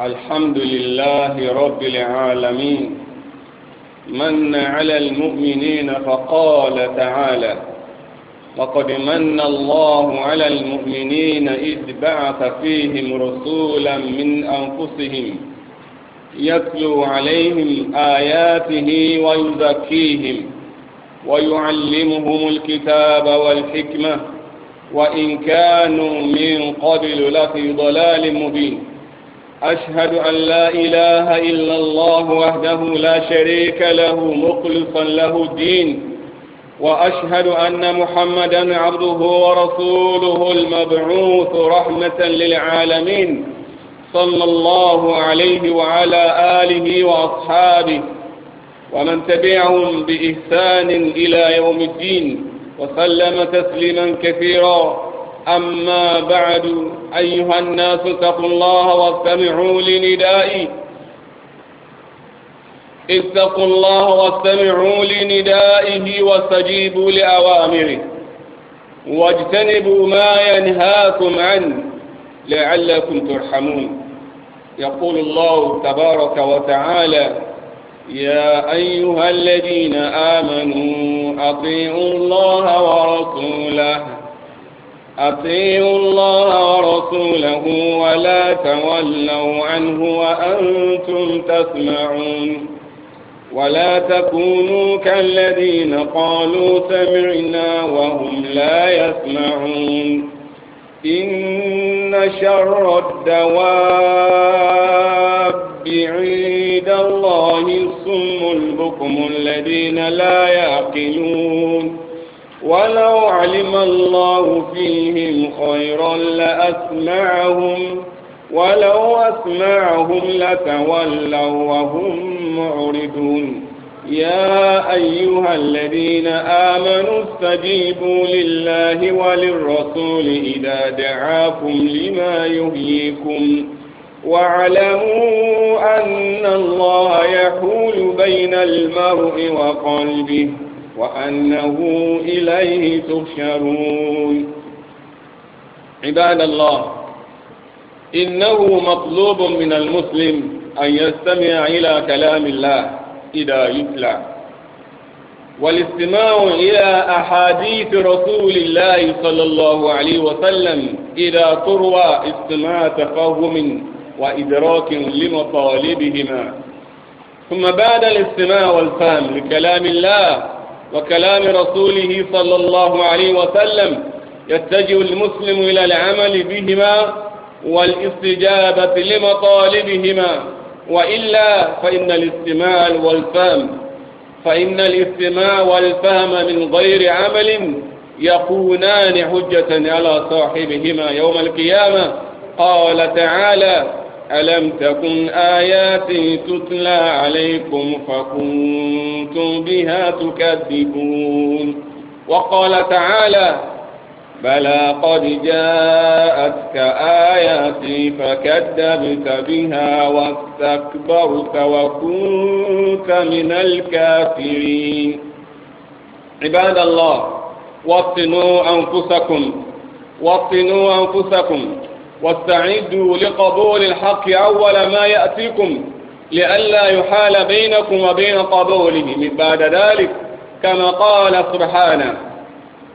الحمد لله رب العالمين من على المؤمنين فقال تعالى وقد من الله على المؤمنين إذ بعث فيهم رسولا من أنفسهم يتلو عليهم آياته ويزكيهم ويعلمهم الكتاب والحكمة وإن كانوا من قبل لفي ضلال مبين أشهد أن لا إله إلا الله وحده لا شريك له مخلصا له الدين وأشهد أن محمدا عبده ورسوله المبعوث رحمة للعالمين صلى الله عليه وعلى آله وأصحابه ومن تبعهم بإحسان إلى يوم الدين وسلم تسليما كثيرا أما بعد أيها الناس اتقوا الله واستمعوا لندائي اتقوا الله واستمعوا لندائه واستجيبوا لأوامره واجتنبوا ما ينهاكم عنه لعلكم ترحمون يقول الله تبارك وتعالى يا أيها الذين آمنوا أطيعوا الله ورسوله أطيعوا الله ورسوله ولا تولوا عنه وأنتم تسمعون ولا تكونوا كالذين قالوا سمعنا وهم لا يسمعون إن شر الدواب عند الله الصم البكم الذين لا يعقلون ولو علم الله فيهم خيرا لأسمعهم ولو أسمعهم لتولوا وهم معرضون يا أيها الذين آمنوا استجيبوا لله وللرسول إذا دعاكم لما يهيكم واعلموا أن الله يحول بين المرء وقلبه وأنه إليه تحشرون عباد الله إنه مطلوب من المسلم أن يستمع إلى كلام الله إذا يتلى والاستماع إلى أحاديث رسول الله صلى الله عليه وسلم إذا تروى استماع تفهم وإدراك لمطالبهما ثم بعد الاستماع والفهم لكلام الله وكلام رسوله صلى الله عليه وسلم يتجه المسلم إلى العمل بهما والاستجابة لمطالبهما وإلا فإن الاستماع والفهم فإن الاستماع والفهم من غير عمل يكونان حجة على صاحبهما يوم القيامة قال تعالى ألم تكن آياتي تتلى عليكم فكنتم بها تكذبون وقال تعالى بلى قد جاءتك آياتي فكذبت بها واستكبرت وكنت من الكافرين عباد الله وطنوا أنفسكم وطنوا أنفسكم واستعدوا لقبول الحق أول ما يأتيكم لئلا يحال بينكم وبين قبوله من بعد ذلك كما قال سبحانه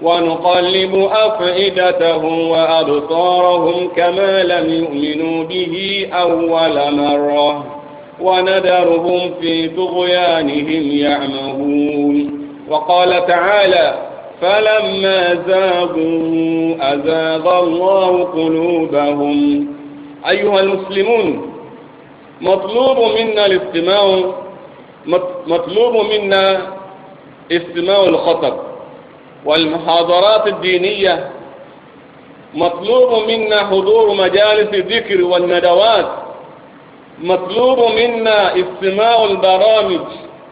ونقلب أفئدتهم وأبصارهم كما لم يؤمنوا به أول مرة وندرهم في طغيانهم يعمهون وقال تعالى فلما زاغوا أزاغ الله قلوبهم أيها المسلمون مطلوب منا الاستماع مطلوب منا استماع الخطب والمحاضرات الدينية مطلوب منا حضور مجالس الذكر والندوات مطلوب منا استماع البرامج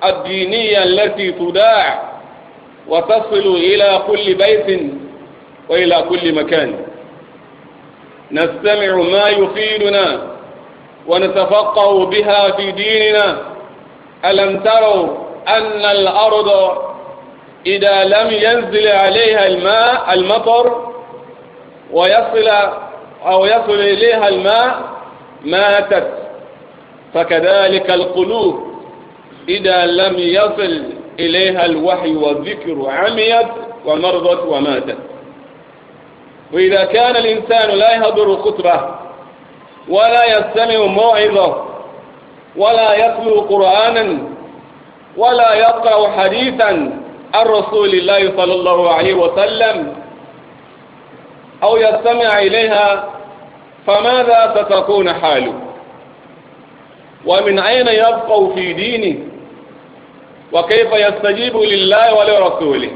الدينية التي تداع وتصل إلى كل بيت وإلى كل مكان نستمع ما يفيدنا ونتفقه بها في ديننا ألم تروا أن الأرض إذا لم ينزل عليها الماء المطر ويصل أو يصل إليها الماء ماتت فكذلك القلوب إذا لم يصل إليها الوحي والذكر عميت ومرضت وماتت وإذا كان الإنسان لا يهضر خطبة ولا يستمع موعظة ولا يتلو قرآنا ولا يقرأ حديثا عن رسول الله صلى الله عليه وسلم أو يستمع إليها فماذا ستكون حاله ومن أين يبقى في دينه وكيف يستجيب لله ولرسوله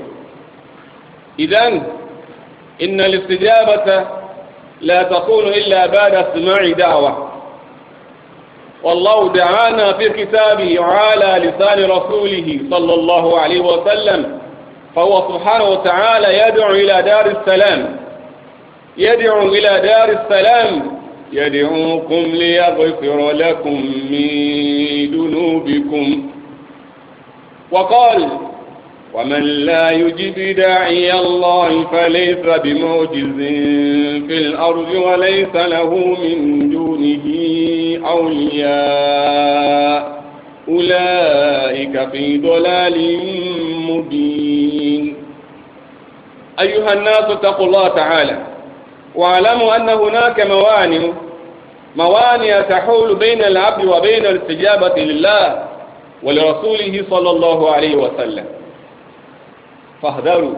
إذا إن الاستجابة لا تكون إلا بعد استماع دعوة والله دعانا في كتابه على لسان رسوله صلى الله عليه وسلم فهو سبحانه وتعالى يدعو إلى دار السلام يدعو إلى دار السلام يدعوكم ليغفر لكم من ذنوبكم وقال ومن لا يجب داعي الله فليس بمعجز في الأرض وليس له من دونه أولياء أولئك في ضلال مبين أيها الناس اتقوا الله تعالى واعلموا أن هناك موانع موانع تحول بين العبد وبين الاستجابة لله ولرسوله صلى الله عليه وسلم فاحذروا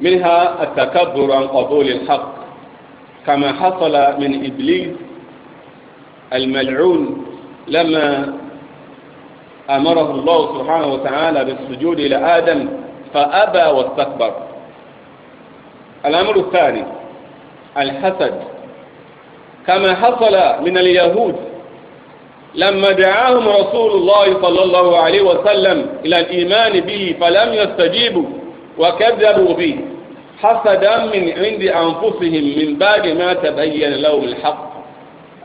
منها التكبر عن قبول الحق كما حصل من إبليس الملعون لما أمره الله سبحانه وتعالى بالسجود إلى آدم فأبى واستكبر الأمر الثاني الحسد كما حصل من اليهود لما دعاهم رسول الله صلى الله عليه وسلم إلى الإيمان به فلم يستجيبوا وكذبوا به حسدا من عند أنفسهم من بعد ما تبين لهم الحق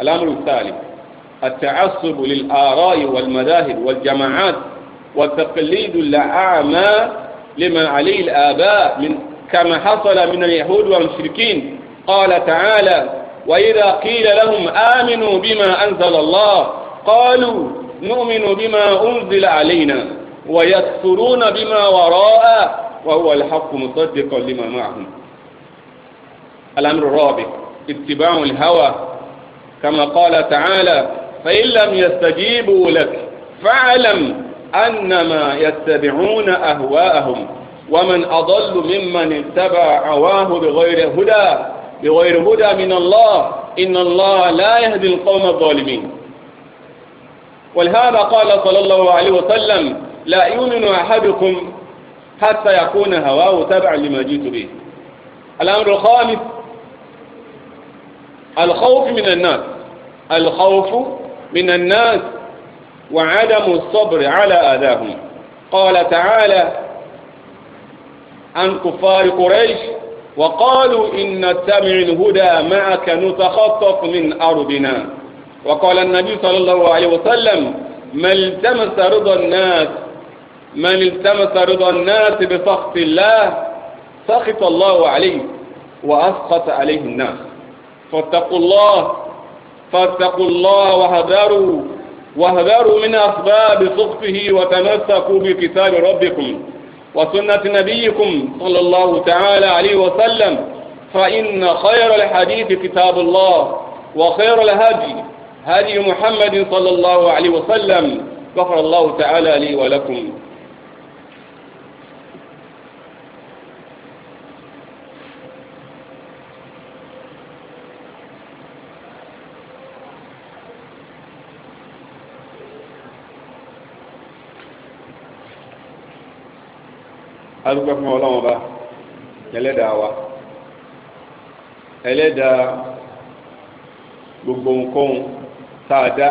الأمر الثالث التعصب للآراء والمذاهب والجماعات والتقليد الأعمى لما عليه الآباء من كما حصل من اليهود والمشركين قال تعالى وإذا قيل لهم آمنوا بما أنزل الله قالوا نؤمن بما أنزل علينا ويكفرون بما وراء وهو الحق مصدقا لما معهم الأمر الرابع اتباع الهوى كما قال تعالى فإن لم يستجيبوا لك فاعلم أنما يتبعون أهواءهم ومن أضل ممن اتبع هواه بغير هدى بغير هدى من الله إن الله لا يهدي القوم الظالمين ولهذا قال صلى الله عليه وسلم لا يؤمن أحدكم حتى يكون هواه تبعا لما جئت به الأمر الخامس الخوف من الناس الخوف من الناس وعدم الصبر على أذاهم قال تعالى عن كفار قريش وقالوا إن نتبع الهدى معك نتخطف من أرضنا وقال النبي صلى الله عليه وسلم من التمس رضا الناس من التمس رضا الناس بسخط الله سخط الله عليه وأسخط عليه الناس فاتقوا الله فاتقوا الله وهذروا وهذروا من أسباب سخطه وتمسكوا بكتاب ربكم وسنة نبيكم صلى الله تعالى عليه وسلم فإن خير الحديث كتاب الله وخير الهدي هدي محمد صلى الله عليه وسلم غفر الله تعالى لي ولكم أذكر في مولانا با يلي دعوة يلي دعوة بقوم كون taaja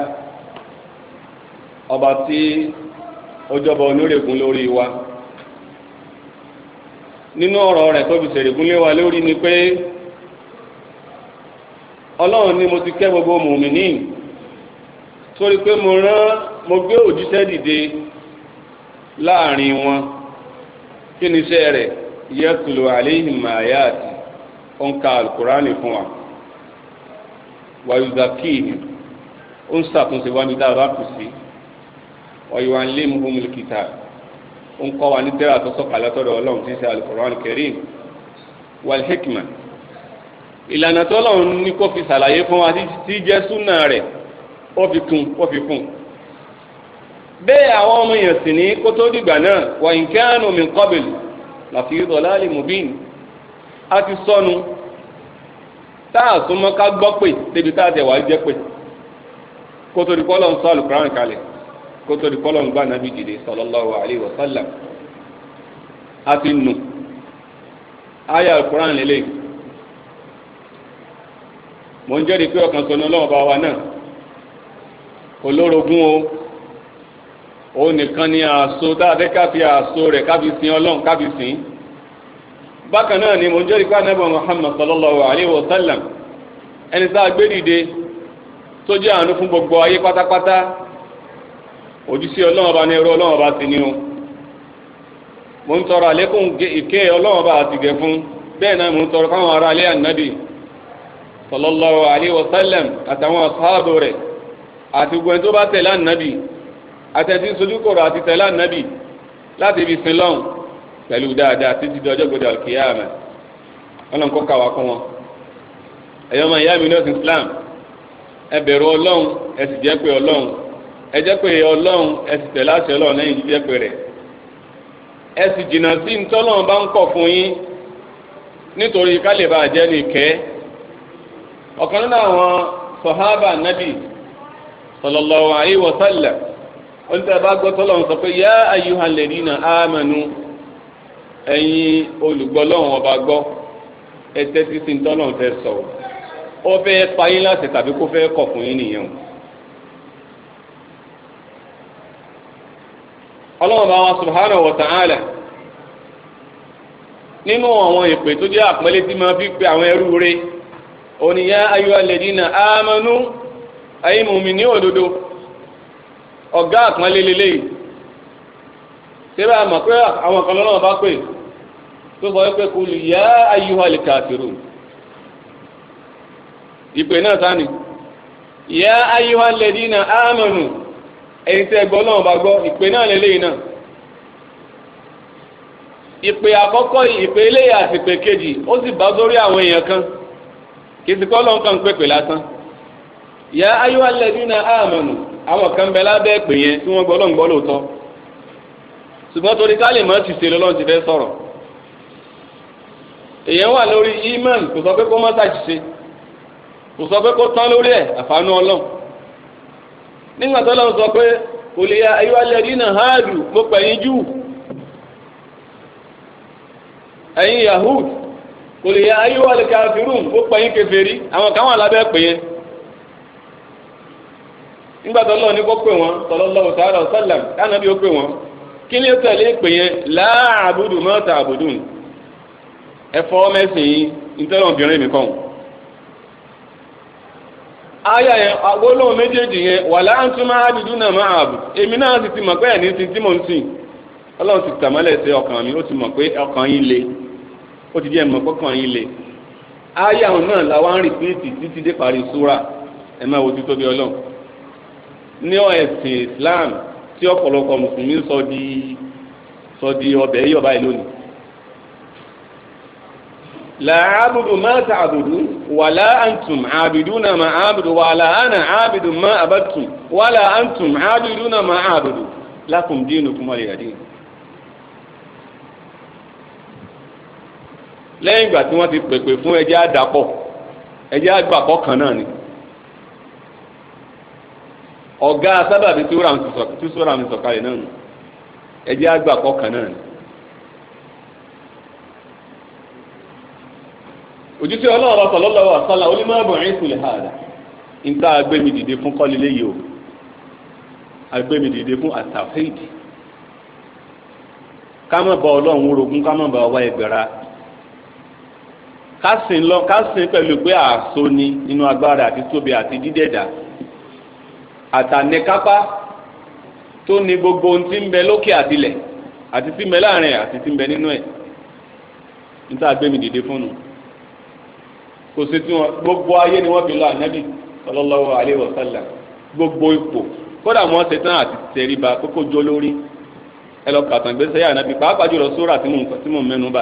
ọba tí ọjọba onírègùn lórí wa nínú ọ̀rọ̀ rẹ̀ tóbi fi lé wa lórí ni pé ọlọ́run ni mo ti kẹ́ gbogbo mùmíní sórí pé mo rán mo gbé òjíṣẹ́ dìde láàrin wọn kí ni iṣẹ́ rẹ̀ yẹtùlù àléhìn màáyáàtì ó ń ka alukurani fún wa wàyùzàkìhìn. ó ń ṣàtúnṣe wá ní dáadáa kù sí ọ̀yọ̀ àńlé muhammed kìtà ó ń kọ́ wa ní tẹ́lá tó sọ̀kà látọ̀dọ̀ ọlọ́run tí ń ṣe alukoran kerim wal hikma ìlànà tó ní kó fi ṣàlàyé fún wa tí jẹ́ súnà rẹ̀ ó fi kún ó fi kún bẹ́ẹ̀ àwọn ọmọ sì ní kó tó dìgbà náà wà mubin a ti sọnù táà súnmọ́ ká gbọ́ pé débi táà tẹ̀ wá koto di kọ́lọ̀ ń sọ alukuran kalẹ̀ di kọ́lọ̀ gba gbà nàbí dìde sallallahu alayhi wa sallam a ti nù ayé alukuran lélẹ̀ mò ń jẹ́rìí pé ọkàn sọ̀nà ọlọ́wọ́ bá wa náà kò lórogún o òun nìkan ni àṣọ dáadé káfí àṣọ rẹ̀ káfí sin ọlọ́run káfí sin bákan náà ni mò ń jẹ́rìí pé anábọ̀ Muhammad sallallahu alayhi wa sallam ẹni tá a gbé dìde. tó jẹ́ àánú fún gbogbo ayé pátápátá ojúṣe ọlọ́run ọba ní ẹrú ọlọ́run ọba o mo ń tọrọ àlékún ìkẹ́ ọlọ́run ọba àtìgẹ̀ fún bẹ́ẹ̀ náà mo ń tọrọ fáwọn ará ilé ànábì sallallahu alaihi wasallam àtàwọn ati rẹ̀ àti gbogbo ẹni tó bá tẹ̀lé àtẹ̀tí àti tẹ̀lé láti ibi sin lọ́hùn pẹ̀lú di ọjọ́ gbọdọ̀ ọlọ́run wọn ẹ̀yọ́ máa yá mi ní ọ̀sìn Islam ẹ bẹ̀rù ọlọ́run ẹ sì jẹ́ pé ọlọ́run ẹ jẹ́ pé ọlọ́run ẹ sì tẹ̀lé àṣẹ ọlọ́run lẹ́yìn jíjẹ́ pé rẹ̀ ẹ sì jìnnà sí ntọ́lọ́run bá ń kọ̀ fún yín nítorí ká jẹ́ ní ọ̀kan nínú nábì gbọ́ tọ́lọ́run sọ pé yá ẹ̀yin ọba gbọ́ ó fẹ́ pa yín tàbí kó fẹ́ kọ̀ fún yín nìyẹn o ọlọ́run bá wa subhanahu wa ta'ala nínú àwọn ìpè tó jẹ́ àpẹẹlẹ tí máa fi pe àwọn ẹrú rẹ̀ oníyá ayyuhal ladina amanu ayé mùmí ní òdodo ọ̀gá àpọ́nlé àmọ̀ pé àwọn kan lọ́nà bá pè tó sọ pé ìpè náà sáni ya ayyuhal ladina amanu ẹ̀yin tẹ́ gbọ́ náà bá gbọ́ ìpè náà lélẹ́yìn náà ìpè àkọ́kọ́ ìpè eléyìí àti ìpè kejì ó sì bá sórí kan kìsì kọ́ kan pèpè lásán ya ayyuhal ladina amanu àwọn kan bẹ lábẹ́ ìpè yẹn tí wọ́n gbọ́ lọ́n gbọ́ lóòótọ́ ṣùgbọ́n torí ká lè mọ́ ti ṣe ti sọ̀rọ̀ èèyàn wà lórí imán kò sọ pé kó kò sọ pé kó tán lórí ẹ̀ àfààní ọlọ́run nígbà tó sọ pé kò lè ya ayé wálé rí náà háàdù mo pè yín jù ẹ̀yin yahud kò lè ya ayé wálé káfírùn mo pè yín kèfèrí àwọn kan wà lábẹ́ pè yẹn nígbà tó ní kó pè bí ni tẹ̀lé pè yẹn láàbùdù àbùdù ẹ̀fọ́ mẹ́sìn obìnrin mi kàn wọ́n. aya yẹn agbólóhùn méjèèjì yẹn wà láǹtúmá àdìdúnà máa àbù èmi náà sì ti mọ̀ pé ẹ̀ní ti tí ti tàmọ́lẹ̀ sí ọkàn mi ó ti mọ̀ pé ọkàn yín le ó ti díẹ̀ mọ̀ ọkàn yín le aya òun náà ń rìpíìtì ti tóbi ọlọ́run ní ẹ̀sìn Islam tí ọ̀pọ̀lọpọ̀ mùsùlùmí sọ di sọ di ọbẹ̀ la abudu ma abudu wala antum abiduna ma abudu wala ana abidu ma abattum wala antum abiduna ma abudu lakum dinukum waliya lẹ́yìn ìgbà tí wọ́n ti pèpè fún ẹjẹ́ àdàpọ̀ ẹjẹ́ àgbàpọ̀ kan náà ni ọ̀gá sábàbí tí mi sọ̀kalẹ̀ náà ni ẹjẹ́ àgbàpọ̀ kan náà ni òjútì ọlọ́ọ̀rọ̀ sallallahu alaihi wasallam onímọ̀ọ́bọ̀ ẹ̀kú lè hàdà nta agbẹ́mi dìde fún kọ́lilé yìí o agbẹ́mi dìde fún àtàfẹ́ẹ̀dì ká má bá ọlọ́run rogún ká má bá ọwá ẹgbẹ̀ra ká sìn lọ ká sìn pẹ̀lú pé àṣọ ni nínú agbára àti tóbi àti dídẹ̀dà àtànẹ́kápá tó ní gbogbo ohun tí ń bẹ lókè àtilẹ̀ àti tí ń bẹ láàrin àti tí ń bẹ nínú ẹ̀ níta agbẹ́mi fún un. kò sí tí gbogbo ayé ni wọn fi lọ ànábì sallallahu gbogbo ipò kódà wọ́n ṣe tán àti tẹríba kókó jó lórí gbèsè yà ànábì pàápàá jùlọ sóra tí mò ń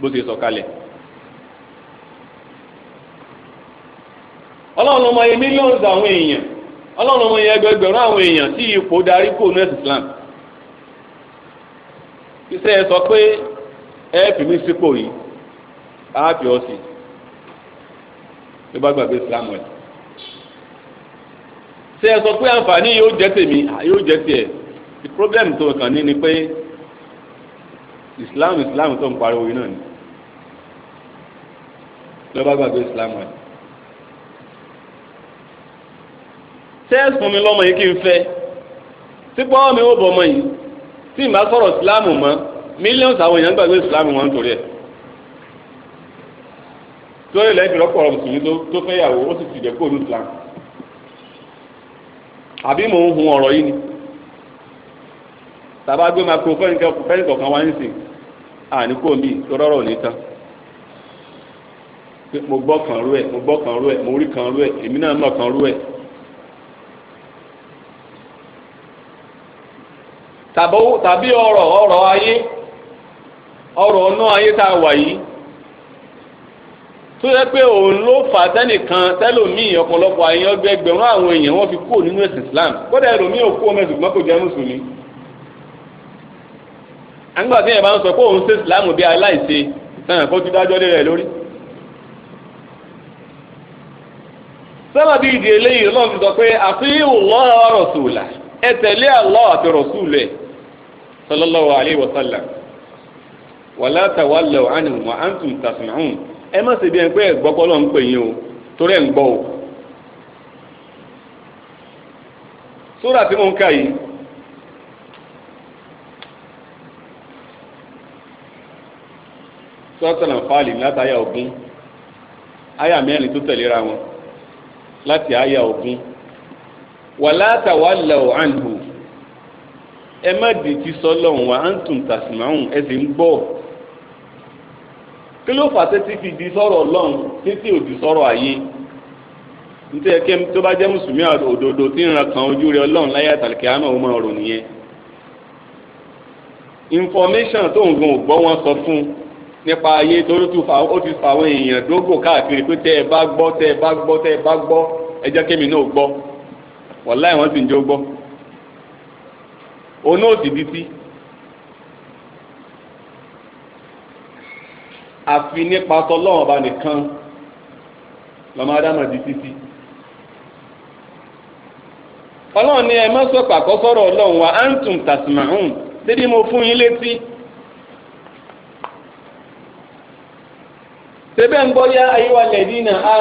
bó ti sọ̀kalẹ̀. ọlọ́run ọmọ yẹn mílíọ̀nù àwọn èèyàn ọlọ́run ọmọ yẹn ẹgbẹgbẹ̀rún àwọn èèyàn tí ipò darí kò ní ẹ̀sìn iṣẹ́ ẹ sọ pé ẹ fi mí sípò yìí ló bá gbàgbé islam ẹ̀. ṣé ẹ sọ pé àǹfààní yóò jẹ́ tèmi yóò jẹ́ tiẹ̀ the problem tó kàn ní ni pé islam islam tó ń pariwo yìí náà ni ló bá gbàgbé islam ẹ̀. ṣé ẹ sùn mi lọ́mọ yìí kí n fẹ́ tí pọ́ọ́ mi ó bọ̀ ọmọ yìí tí ìmọ̀ sọ̀rọ̀ islam mọ́ mílíọ̀nù àwọn èèyàn gbàgbé islam wọn torí ẹ̀. torí lẹ́yìn lọ́pọ̀ ọ̀rọ̀ mùsùlùmí tó fẹ́ yàwó ó sì fìdẹ̀ kóòlù Islam àbí mò ń hun ọ̀rọ̀ yìí ni tàbá gbé máa kó fẹ́yìn kọ̀ọ̀kan wá àní kò mí kan rú ẹ̀ mo kan rú ẹ̀ mo rí kan rú ẹ̀ èmi náà tó yẹ pé òun ló fà sẹ́nìkan tẹ́lòmíì ọ̀pọ̀lọpọ̀ àyàn ọgbẹ́gbẹ̀rún àwọn èèyàn wọn fi kúrò nínú ẹ̀sìn Islam kódà ẹlòmíì ò ọmọ ẹ̀sìn kò jẹ́ mùsùlùmí. àgbà tí yẹn bá ń sọ pé òun ṣe Islam bí aláìṣe kó ti dájọ́ lé rẹ̀ lórí. sábà bí ìdí eléyìí lọ́n ti sọ pé àfihàn ẹ tẹ̀lé àti ẹ má ṣe bí ẹ pé ẹ̀gbọ́kọ́ ló ń pè yín o torí ẹ̀ ń gbọ́ o. sóra tí mo ń kà yìí sọ́tàn fáàlì látàyà ogún àyà mẹ́rin tó tẹ̀léra wọn láti àyà ogún wàlá tawallau anhu ẹ má dìtì sọ́lọ́hún wa antum tasma'un ẹ sì ń gbọ́ kí ló fà tẹ́tí fi di sọ̀rọ̀ ọlọ́run títí òdì sọ̀rọ̀ ayé nítorí ẹkẹ́ tó bá jẹ́ mùsùlùmí òdodo tí ìran kan ojú rẹ ọlọ́run láyé àtàlùkẹ́ àmọ́ ọmọ ọ̀rọ̀ nìyẹn information tó ń gun ògbọ́ wọn sọ fún nípa ayé torí ó ti fa àwọn èèyàn dógò káàkiri pé tẹ́ ẹ bá gbọ́ tẹ́ ẹ bá gbọ́ tẹ́ ẹ bá gbọ́ ẹ jẹ́ kémi náà gbọ́ wàláì wọ́n sì ń jó gbọ́ òun náà àfi nípa tọlọ́wọ́n ọba nìkan lọ́mọ adámọ̀ di títí. ọlọ́run ni ẹ má sọ̀pọ̀ àkọ́sọ́rọ̀ ọlọ́run wa antum tàṣìmáhùn dédé mo fún yín létí. sẹ́bẹ̀ ń bọ́ yá ayé wa lẹ́dí náà á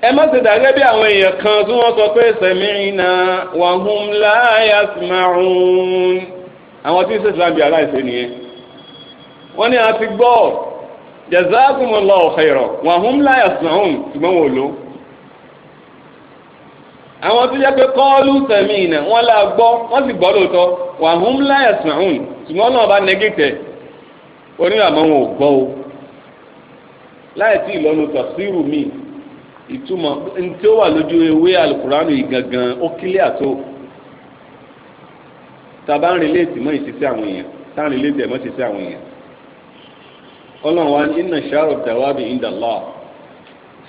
ẹ má ṣe dà gẹ́gẹ́ bí àwọn èèyàn kan tí wọ́n sọ pé sami'na wa hum la yasma'un àwọn tí ń ṣe Islam bí aláìsè nìyẹn wọ́n ní a ti gbọ́ jazakumullahu khairan wa hum la yasma'un ṣùgbọ́n wọn ò lò àwọn tó yẹ pé kọ́ọ́lù sami'na wọ́n là gbọ́ wọ́n sì gbọ́ lóòótọ́ wa hum la yasma'un ṣùgbọ́n náà bá nẹ́gẹ́tẹ̀ oníwàmọ́ wọn ò gbọ́ o láì tí ìlọ́nu tafsiru míì ìtumọ̀ ntí ó wà lójú ewé alukuranu yìí gangan ó kílẹ̀ àtó tàbá ń relate mọ́ ìṣesí àwọn èèyàn tá ń relate mọ́ àwọn èèyàn ọlọ́run wa inna ṣàrò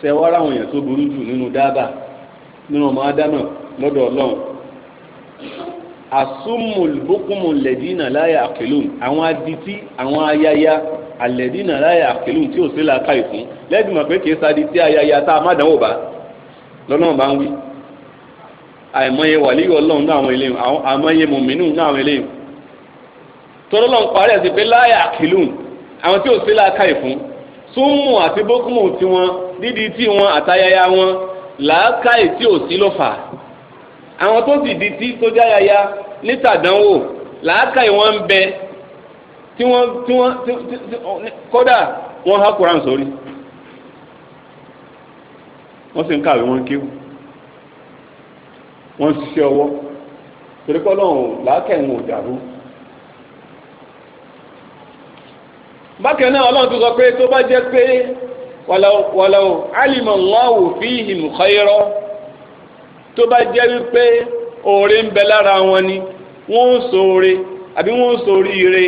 ṣe wá ráwọn èèyàn tó burú jù nínú dábà nínú ọmọ ádámà lọ́dọ̀ ọlọ́run asumul bukumul ladina àwọn aditi àwọn ayaya àlẹ́dínà láyà àkèlù tí ò sí la ká ìfún lẹ́dùn mọ̀ pé kì í sadi tí ayaya tá a má dánwò bá lọ́nà bá ń wí àìmọye wàlíyọ̀ ọlọ́run náà àwọn eléyìí àìmọye mùmínú náà àwọn eléyìí tọ́lọ́ lọ́n parí ẹ̀sìn pé láyà àkèlù àwọn tí ò sí la ká ìfún súnmù àti bókùmù tiwọn dídí tí wọn àtayaya wọn làákàyè tí ò sí ló fà á àwọn tó sì di tí tó jáyaya nítàdánwò làákàyè wọn ń bẹ tí wọ́n tí wọ́n kódà wọ́n há Quran sórí wọ́n sì ń kàwé wọn kéwù wọ́n ṣiṣẹ́ ọwọ́ torí pé ọlọ́run làákẹ́yìn náà ọlọ́run tó sọ pé tó bá jẹ́ pé wàlàó alìmọ̀ Allahu fíhìm khayra tó bá jẹ́ wípé oore ń wọn ni wọ́n ń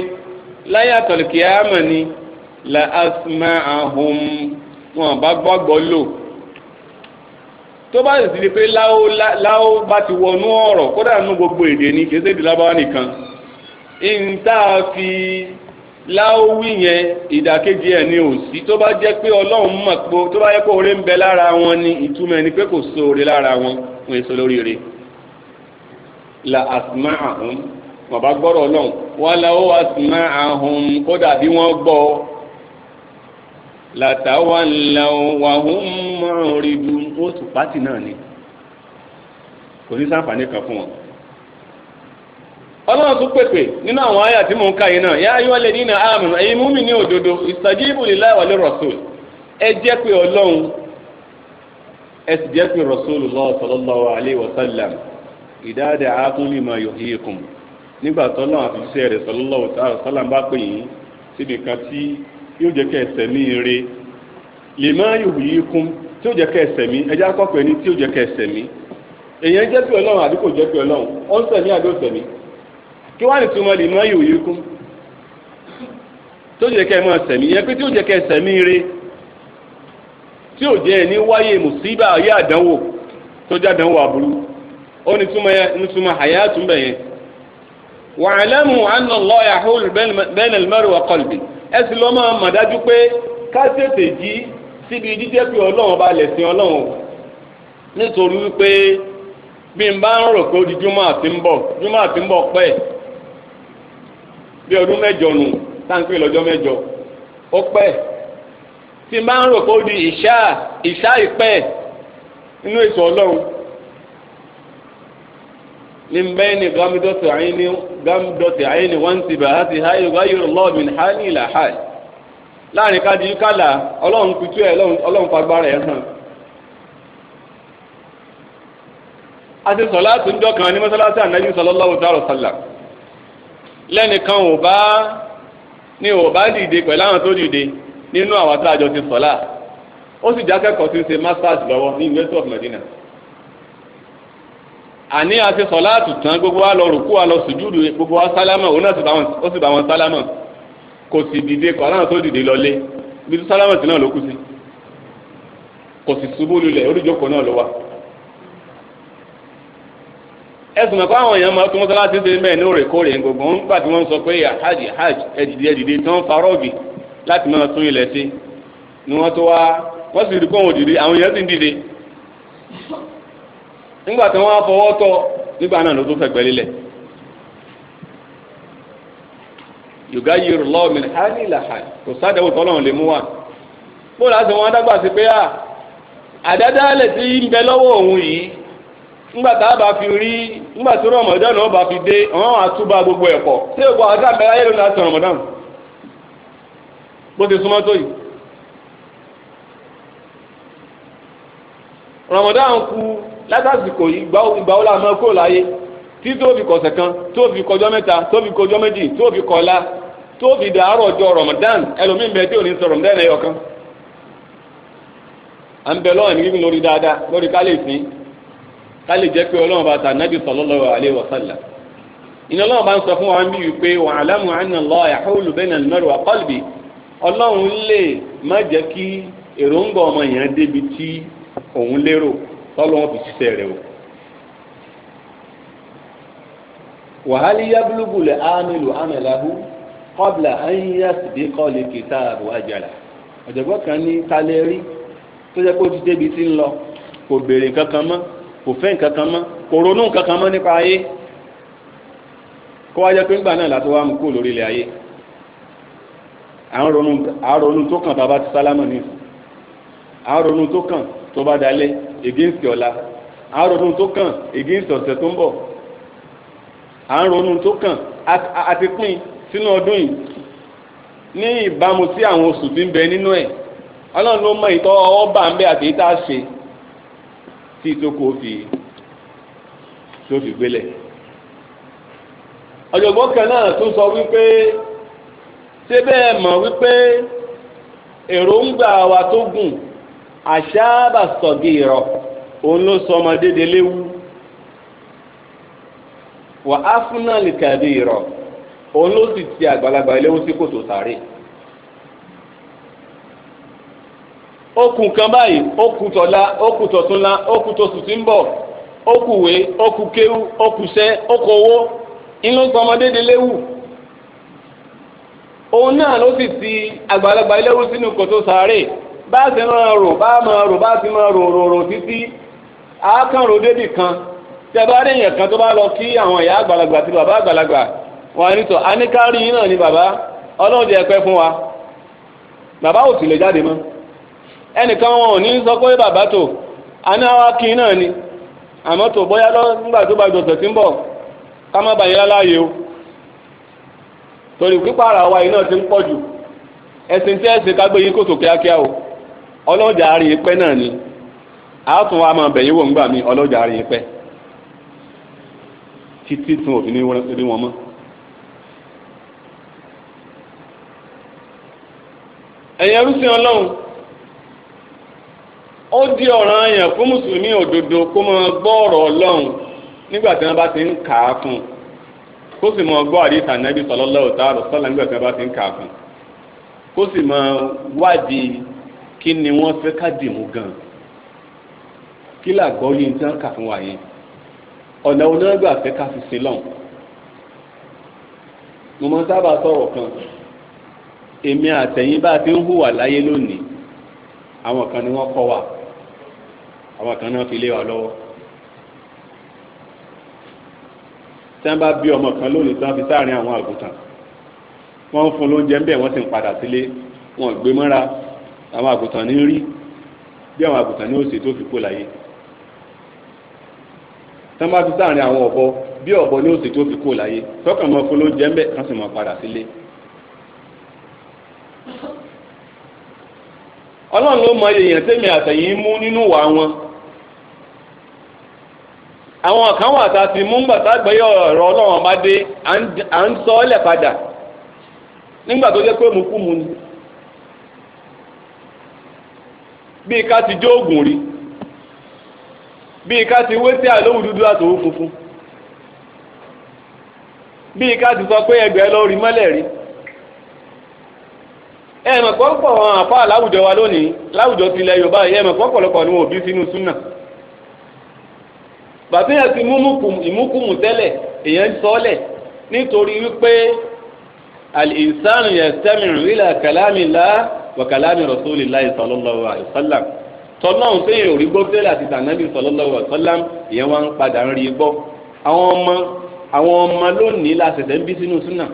láyà tọ̀lùkìyàmọ̀ ni la asma ahum wọn bá gbọ́gbọ́ lò tó bá sì di pé láó bá ti wọnú ọ̀rọ̀ kódà nú gbogbo èdè ni kì í ṣèdè lábáwá nìkan ìǹtà fi láó wí yẹn ìdàkejì ẹ̀ ni ò sí tó bá jẹ́ pé ọlọ́run mọ̀ pé tó bá yẹ kó oore ń bẹ lára wọn ni ìtumọ̀ ẹni pé kò sóore lára wọn wọn èso lóríire la asma ahum. wọn bá gbọ́rọ̀ náà wọn làwọn wá sí máa àhùn kódà bí wọ́n gbọ́ làtàwọn làwọn du náà ni kò ní sáǹfààní kan fún wọn. ọlọ́run tún pèpè nínú àwọn àyà tí mò ń ka yìí náà yá ayọ́ lè nínú àmì ẹ̀yin mú mi ní òdodo istajibu lillahi wa lirrasul ẹ jẹ́ pé ọlọ́run ẹ sì jẹ́ nígbà tó lọ́wọ́ àti iṣẹ́ rẹ̀ bá pè yín síbi kan tí yóò jẹ́ kẹ́ ẹsẹ̀ mí re lima yuhyikum tí yóò jẹ́ kẹ́ ẹsẹ̀ mí ẹjẹ́ akọ́pẹ́ ní tí yóò jẹ́ kẹ́ ẹsẹ̀ mí èèyàn jẹ́ pé ọlọ́run àdúgbò jẹ́ pé ọlọ́run ó ń sẹ̀mí àdó sẹ̀mí kí wàá nìtumọ̀ lima yuhyikum tí yóò jẹ́ kẹ́ ẹ máa sẹ̀mí yẹn pé tí yóò jẹ́ kẹ́ ẹsẹ̀ mí re tí wa'lamu anna Allah yahul bayna al-mar'i wa qalbi ẹ sì lọ́ máa mọ̀ dájú pé ká tètè jí síbi jíjẹ́ pé ọlọ́run bá lẹ̀ sìn ọlọ́run nítorí wípé bí n bá ń rò pé ó di júmọ́ àti ń bọ̀ júmọ́ àti ń bọ̀ pẹ́ bí ọdún mẹ́jọ nù táǹpé lọ́jọ́ mẹ́jọ ó pẹ́ tí n bá ń rò pé ó di ìṣá ìṣá ìpẹ́ inú ètò ọlọ́run ní bẹ́ẹ̀ ni gbàmídọ́sọ̀ àyín ní gámdọ̀tì àyìnì wọ́n ti bàá ti ha ìwà ha ní ìlà ha láàrin di kálà ọlọ́run pitú ẹ̀ ọlọ́run fagbára ẹ̀ hàn. a ti láti ń ní mọ́sálásí ànájú sálà lẹ́nìkan ò bá ní ò bá dìde pẹ̀lú àwọn tó dìde nínú àwọn a jọ ti sọ̀lá ó sì jákẹ́kọ̀ọ́ ti ṣe masters lọ́wọ́ ní university of medina. àní a ṣe sọ̀láàtù tán gbogbo wa lọ rùkú wa lọ sùjúdù gbogbo wa sálámà òun náà ó sì bá wọn sálámà kò sì dìde kọ́ náà tó dìde lọlé ibi tó sálámà sí náà ló kù sí kò sì ṣubú lulẹ̀ oríjókòó náà ló wà. ẹ̀sùn mẹ́kọ́ àwọn èèyàn máa tún wọ́n sáláàtì ṣe mẹ́ẹ̀ ní òrèkóòrè gbogbo ń gbà tí wọ́n sọ pé hajj hajj ẹ̀dìdì ẹ̀dìdì tí wọ́n farọ́ọ̀bì láti máa tún ilẹ̀ sí ni wọ́n tó wá wọ́n sì rí pé òun àwọn èèyàn sì ń dìde nígbà tí wọ́n fọwọ́ tọ́ nígbà náà ló tún fẹ́ gbẹ́lélẹ̀ yorùbá yìí rò lọ́wọ́ mi kò sádẹ́wò lè mú wa bó láti wọn dágbà sí pé ah, lè tí ń bẹ lọ́wọ́ òun yìí ngbata tá a bá fi rí tí gbogbo tí àti láti rọmọdán bó ti súnmọ́ tó látàsìkò ìgbà ó làmọ́ kó láyé tí tó fi kọ̀sẹ̀ kan tó fi kọjọ́ mẹ́ta tó fi kọjọ́ méjì tó fi kọ̀la tó fi jọ Ramadan ẹlòmíín bẹ tí ò ní sọ Ramadan ẹ̀yọ kan à ń bẹ lọ́wọ́ ní lórí dáadáa lórí ká lè sìn ká lè jẹ́ pé ọlọ́run bá ta iná lọ́wọ́ bá ń sọ fún wa bí wípé tọ́lọ́wọ́n fi ṣiṣẹ́ rẹ̀ o. wàhálì yábúlùbùlẹ̀ ámìlù ámìláhù kọ́bìlà ayíyásí bí kọ́ọ̀lì kìtà àbò àjàlá ọ̀jọ̀gbọ́n kan ní talẹ́rí tó jẹ́ pé ó ti débi tí ń lọ kò béèrè nǹkan kan mọ́ kò fẹ́ nǹkan kan mọ́ kò ronú nǹkan kan mọ́ nípa ayé kó wá pé ńgbà náà látọ́ wá mú kó lórí ilẹ̀ ayé à tó kàn tá ti sálámọ̀ nísìn à tó kàn tó bá dalẹ̀ against ọ̀la à ń ronú tó kàn against ọ̀sẹ̀ tó ń bọ̀ à ń ronú tó kàn àti pín sínú ọdún yìí ní ìbámu sí àwọn oṣù tí ń bẹ nínú ẹ̀ ọlọ́run ló mọ ìtọ́ ọwọ́ bá ń bẹ àti ìta ṣe tí ìtókò fi tó fi gbélẹ̀ ọ̀jọ̀gbọ́n kan náà tún sọ wípé ṣé bẹ́ẹ̀ mọ̀ wípé èròǹgbà wa tó gùn àṣàbà sọ̀gì ìrọ̀ òun ló sọ ọmọdé de wà á fún náà lè ìrọ̀ òun ló àgbàlagbà léwu sí kòtò sàárè. okùn kan báyìí okùn tọ̀la okùn tọ̀túnla okùn tòṣù tí ń bọ̀ okùn wé okùn kéwú okùn sẹ́ okùn owó inú sọ òun náà ló sì ti àgbàlagbà léwu sínú kòtò sàárè. bá a ṣe máa rò bá máa rò bá ti máa rò rò títí àákànrò débì kan tí a bá rí kan tó bá lọ kí àwọn ìyá àgbàlagbà àti bàbá àgbàlagbà wọn ní tọ yín náà ni bàbá ọlọ́run jẹ́ ẹ̀pẹ́ fún wa bàbá ò sì lè jáde mọ́ ẹnìkan wọn ò ní sọ pé bàbá ni àmọ́ bóyá lọ nígbà tó bá tí ń o torí pípààrà wa yìí náà ti ń pọ̀ jù ẹ̀sìn tí ẹ̀sìn kíákíá o. ọlọ́jà àárín ipẹ́ náà ni àátún wa máa bẹ̀yìn wò ń gbà mí ọlọ́jà àárín ipẹ́ títí tún òfin rí wọn mọ́. ẹ̀yin ẹrúsìn ọlọ́run ó di ọ̀ràn àyàn fún mùsùlùmí òdodo kó máa gbọ́ ọ̀rọ̀ ọlọ́run nígbà tí wọ́n bá ti ń kà á fún un kó sì máa gbọ́ àdìsá nàbì sallallahu ta'ala sallam nígbà tí wọ́n bá ti ń kà á fún un kó sì máa wádìí kí ni wọ́n fẹ́ ká dì mú gan kí làgbọ́ yìí ń tán kà fún wa yẹn ọ̀nà onágbà fẹ́ ká fi sin lọ́n mo máa sábà sọ̀rọ̀ kan èmi àtẹ̀yìn bá a ti ń hùwà láyé lónìí àwọn kan ni wọ́n kọ́ wa àwọn kan náà fi lé wa lọ́wọ́ tí wọ́n bá bí ọmọ kan lónìí tí wọ́n fi sáàrin àwọn àgùntàn wọ́n ń fún lóúnjẹ ń bẹ̀ wọ́n sì ń padà sílé wọn gbé mọ́ra àwọn àgùntàn ní rí bí àwọn àgùntàn ní òsè tó fi kó láyé tán bá ti sáàrin àwọn ọ̀bọ bí ọ̀bọ ní òsè tó fi kó láyé tọ́kàn mọ́ fún ló jẹ́ mbẹ́ kán sì mọ́ padà sílé ọlọ́run ló mọ èèyàn tẹ́mi àtẹ̀yìn mú nínú wà a ti mú a ọ̀rọ̀ ọlọ́run ni. bíi ká ti jó oògùn rí bíi ká ti wéṣẹ́ àlówù dúdú àtòwú funfun bíi ká ti sọ pé ẹgbẹ́ lọ rí mọ́lẹ̀ rí ẹ̀mọ̀ pọ́pọ̀ àwọn àfáà láwùjọ wa lónìí láwùjọ ti ilẹ̀ Yorùbá ẹ̀mọ̀ pọ́pọ̀lọpọ̀ ni wọn ò bí sínú súnà bàtí yẹn ti mú ìmúkùmù tẹ́lẹ̀ èèyàn sọ́lẹ̀ nítorí wípé al-insanu yastami'u ila kalamillah wa kalami rasulillahi sallallahu alaihi wasallam tọ́lọ́hún sẹ́yìn ò rí gbọ́ bẹ́ẹ̀ àti tànàbí sallallahu alaihi wasallam ìyẹn wá ń padà ń rí gbọ́ àwọn ọmọ àwọn ọmọ lónìí la ṣẹ̀ṣẹ̀ ń bí sínú súnà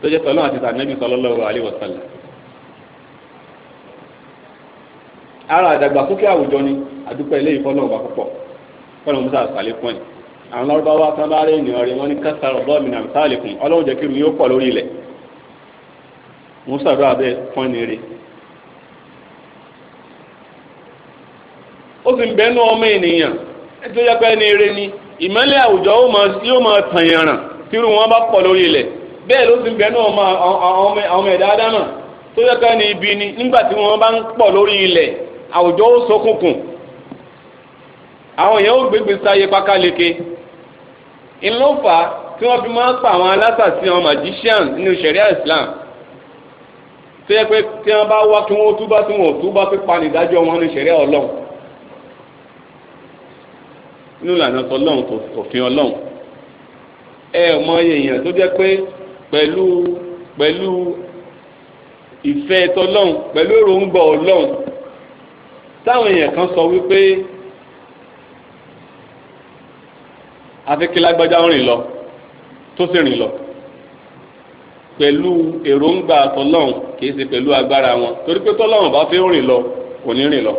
tó jẹ́ tọ́lọ́hún àti tànàbí sallallahu alaihi wasallam. ara àdàgbàsókè àwùjọ ni àdúpẹ́ ilé ìfọ́nà wà púpọ̀ fọ́nà musa àsàlẹ̀kùn ẹ̀ àwọn lọ́rọ́báwá sábàárẹ̀ ènìyàn rẹ̀ wọ́n ní kásáró musa ṣàdúrà abe fún ẹni rè ó sì ń bẹ́nu ọmọ ènìyàn nítorí ẹni ni ìmọ́lẹ̀ àwùjọ yóò máa tàn yàràn tírú wọn bá pọ̀ lórí ilẹ̀ bẹ́ẹ̀ ló ọmọ dáná tó yẹ ibi ni nígbà tí wọn bá ń pọ̀ lórí ilẹ̀ àwùjọ ó ṣókùnkùn àwọn èèyàn ó gbégbé sáyé pákáleke ìlú fà tí fi máa pa àwọn àwọn magicians Islam tó yẹ pé tí wọ́n bá wá kí wọ́n túbá tí wọ́n túbá pípa nídájọ́ wọn ní ṣẹ̀ríà ọlọ́run nínú ìlànà tọlọ́run tòfin ọlọ́run ẹ mọ èèyàn tó jẹ́ pé pẹ̀lú pẹ̀lú ìfẹ́ tọlọ́run pẹ̀lú èròǹgbà ọlọ́run táwọn èèyàn kan sọ wípé àfi kí lágbájá ń rìn lọ tó sì rìn lọ pẹ̀lú èròǹgbà tọ́lọ́hún kìí ṣe pẹ̀lú agbára wọn torí pé tọ́lọ́hún bá fẹ́ rìn lọ kò ní rìn lọ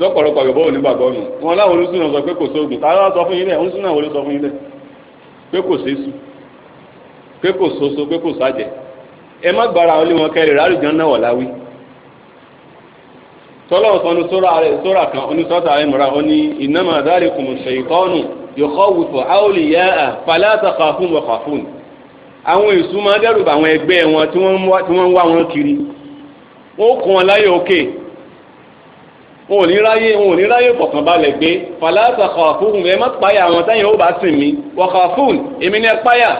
dọ́pọ̀lọpọ̀ yorùbá ò ní gbàgbọ́ nù wọn láwọn olùsùnà sọ pé kò sóògùn tá a sọ fún yín lẹ̀ olùsùnà wọlé sọ fún yín lẹ̀ pé kò sésù pé kò soso pé kò sájẹ ẹ má gbára olé wọn kẹrì ráàlú jẹun náà wọ̀ láwí tọ́lọ́hún sọ ní sóra kan onísọ́tà ẹ̀mọ́ra ó ní ìnáma dhalikum shaytanu yukhawifu awliya'a fala takhafun wa khafun àwọn èṣù máa dẹ́rù bá àwọn ẹgbẹ́ wọn tí wọ́n ń wá wọn kiri wọ́n kún wọn láyé òkè wọn ò ní ráyè wọn ò ní ráyè fọkànbalẹ̀ gbé fàlàtà kọ̀ọ̀fún ẹ má páyà àwọn táyà ó bá sìn mí wọ̀kọ̀ọ̀fún èmi ní ẹ páyà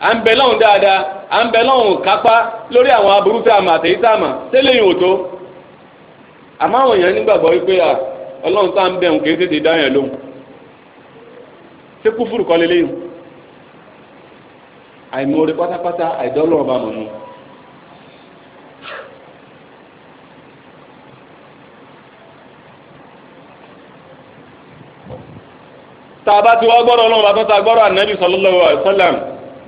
à ń bẹ lọ́hùn dáadáa à ń bẹ lọ́hùn kápá lórí àwọn aburú tá a mà àtẹ̀yí tá a mà tẹ́lẹ̀ yìí ò tó àmọ́ àwọn èèyàn nígbàgbọ́ wípé ọlọ́run tá à ń bẹ̀rù kì í tètè dáyàn lóhùn ṣé kúfùrù kọ́ lélẹ́yìn àìmọ̀ọ́re pátápátá àìdọ́lọ́ ọba mọ̀ nù. tá a bá ti wá gbọ́dọ̀ ọlọ́run bàtọ́ tá a gbọ́dọ̀ ànábì sallallahu alaihi wasallam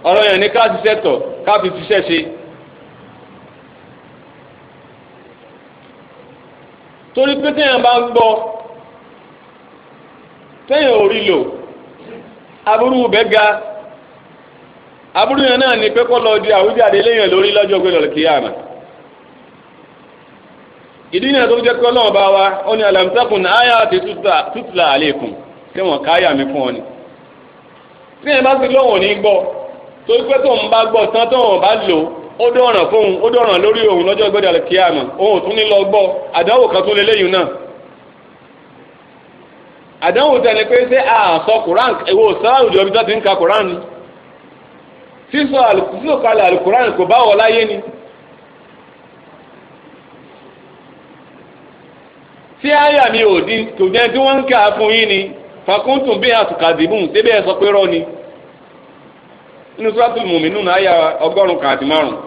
ọ̀rọ̀ yẹn ní ká ṣiṣẹ́ tọ̀ ká fi ṣiṣẹ́ ṣe. torí pé téèyàn bá ń gbọ́ téèyàn ò rí lò aburú ube ga aburú yẹn náà ni pé lọ di àwùjáde léyìn lórí lọ́jọ́ gbé lọ́lẹ̀ kíyàmà ìdí náà tó jẹ́ pé ọlọ́run bá wa ó ní alamtakun aya ti tutla aleikum tí wọ́n káyà mi fún ọ ni tí yẹn bá ti lọ́wọ́n ní gbọ́ torí pé tó ń bá gbọ́ tán tó ń bá lò ó dọ̀ràn fóun ó dọ̀ràn lórí òun lọ́jọ́ gbé òun tún ní lọ gbọ́ kan tún náà. àdánwò tẹ̀lé pé a àsọ koran ewo sara òjò ibi tó ti ń ka koran ni sísọ kalẹ̀ alukoran kò bá wọ láyé ni. tí àyà mi odi di kò jẹ́ tí wọ́n ń fún yín ni fàkúntùn bí àtùkàdìbùn débẹ̀ ẹ̀ sọ pé rọ́ ni nínú sọ́tù mùmínú náà àyà ọgọ́rùn-ún kàdí márùn-ún.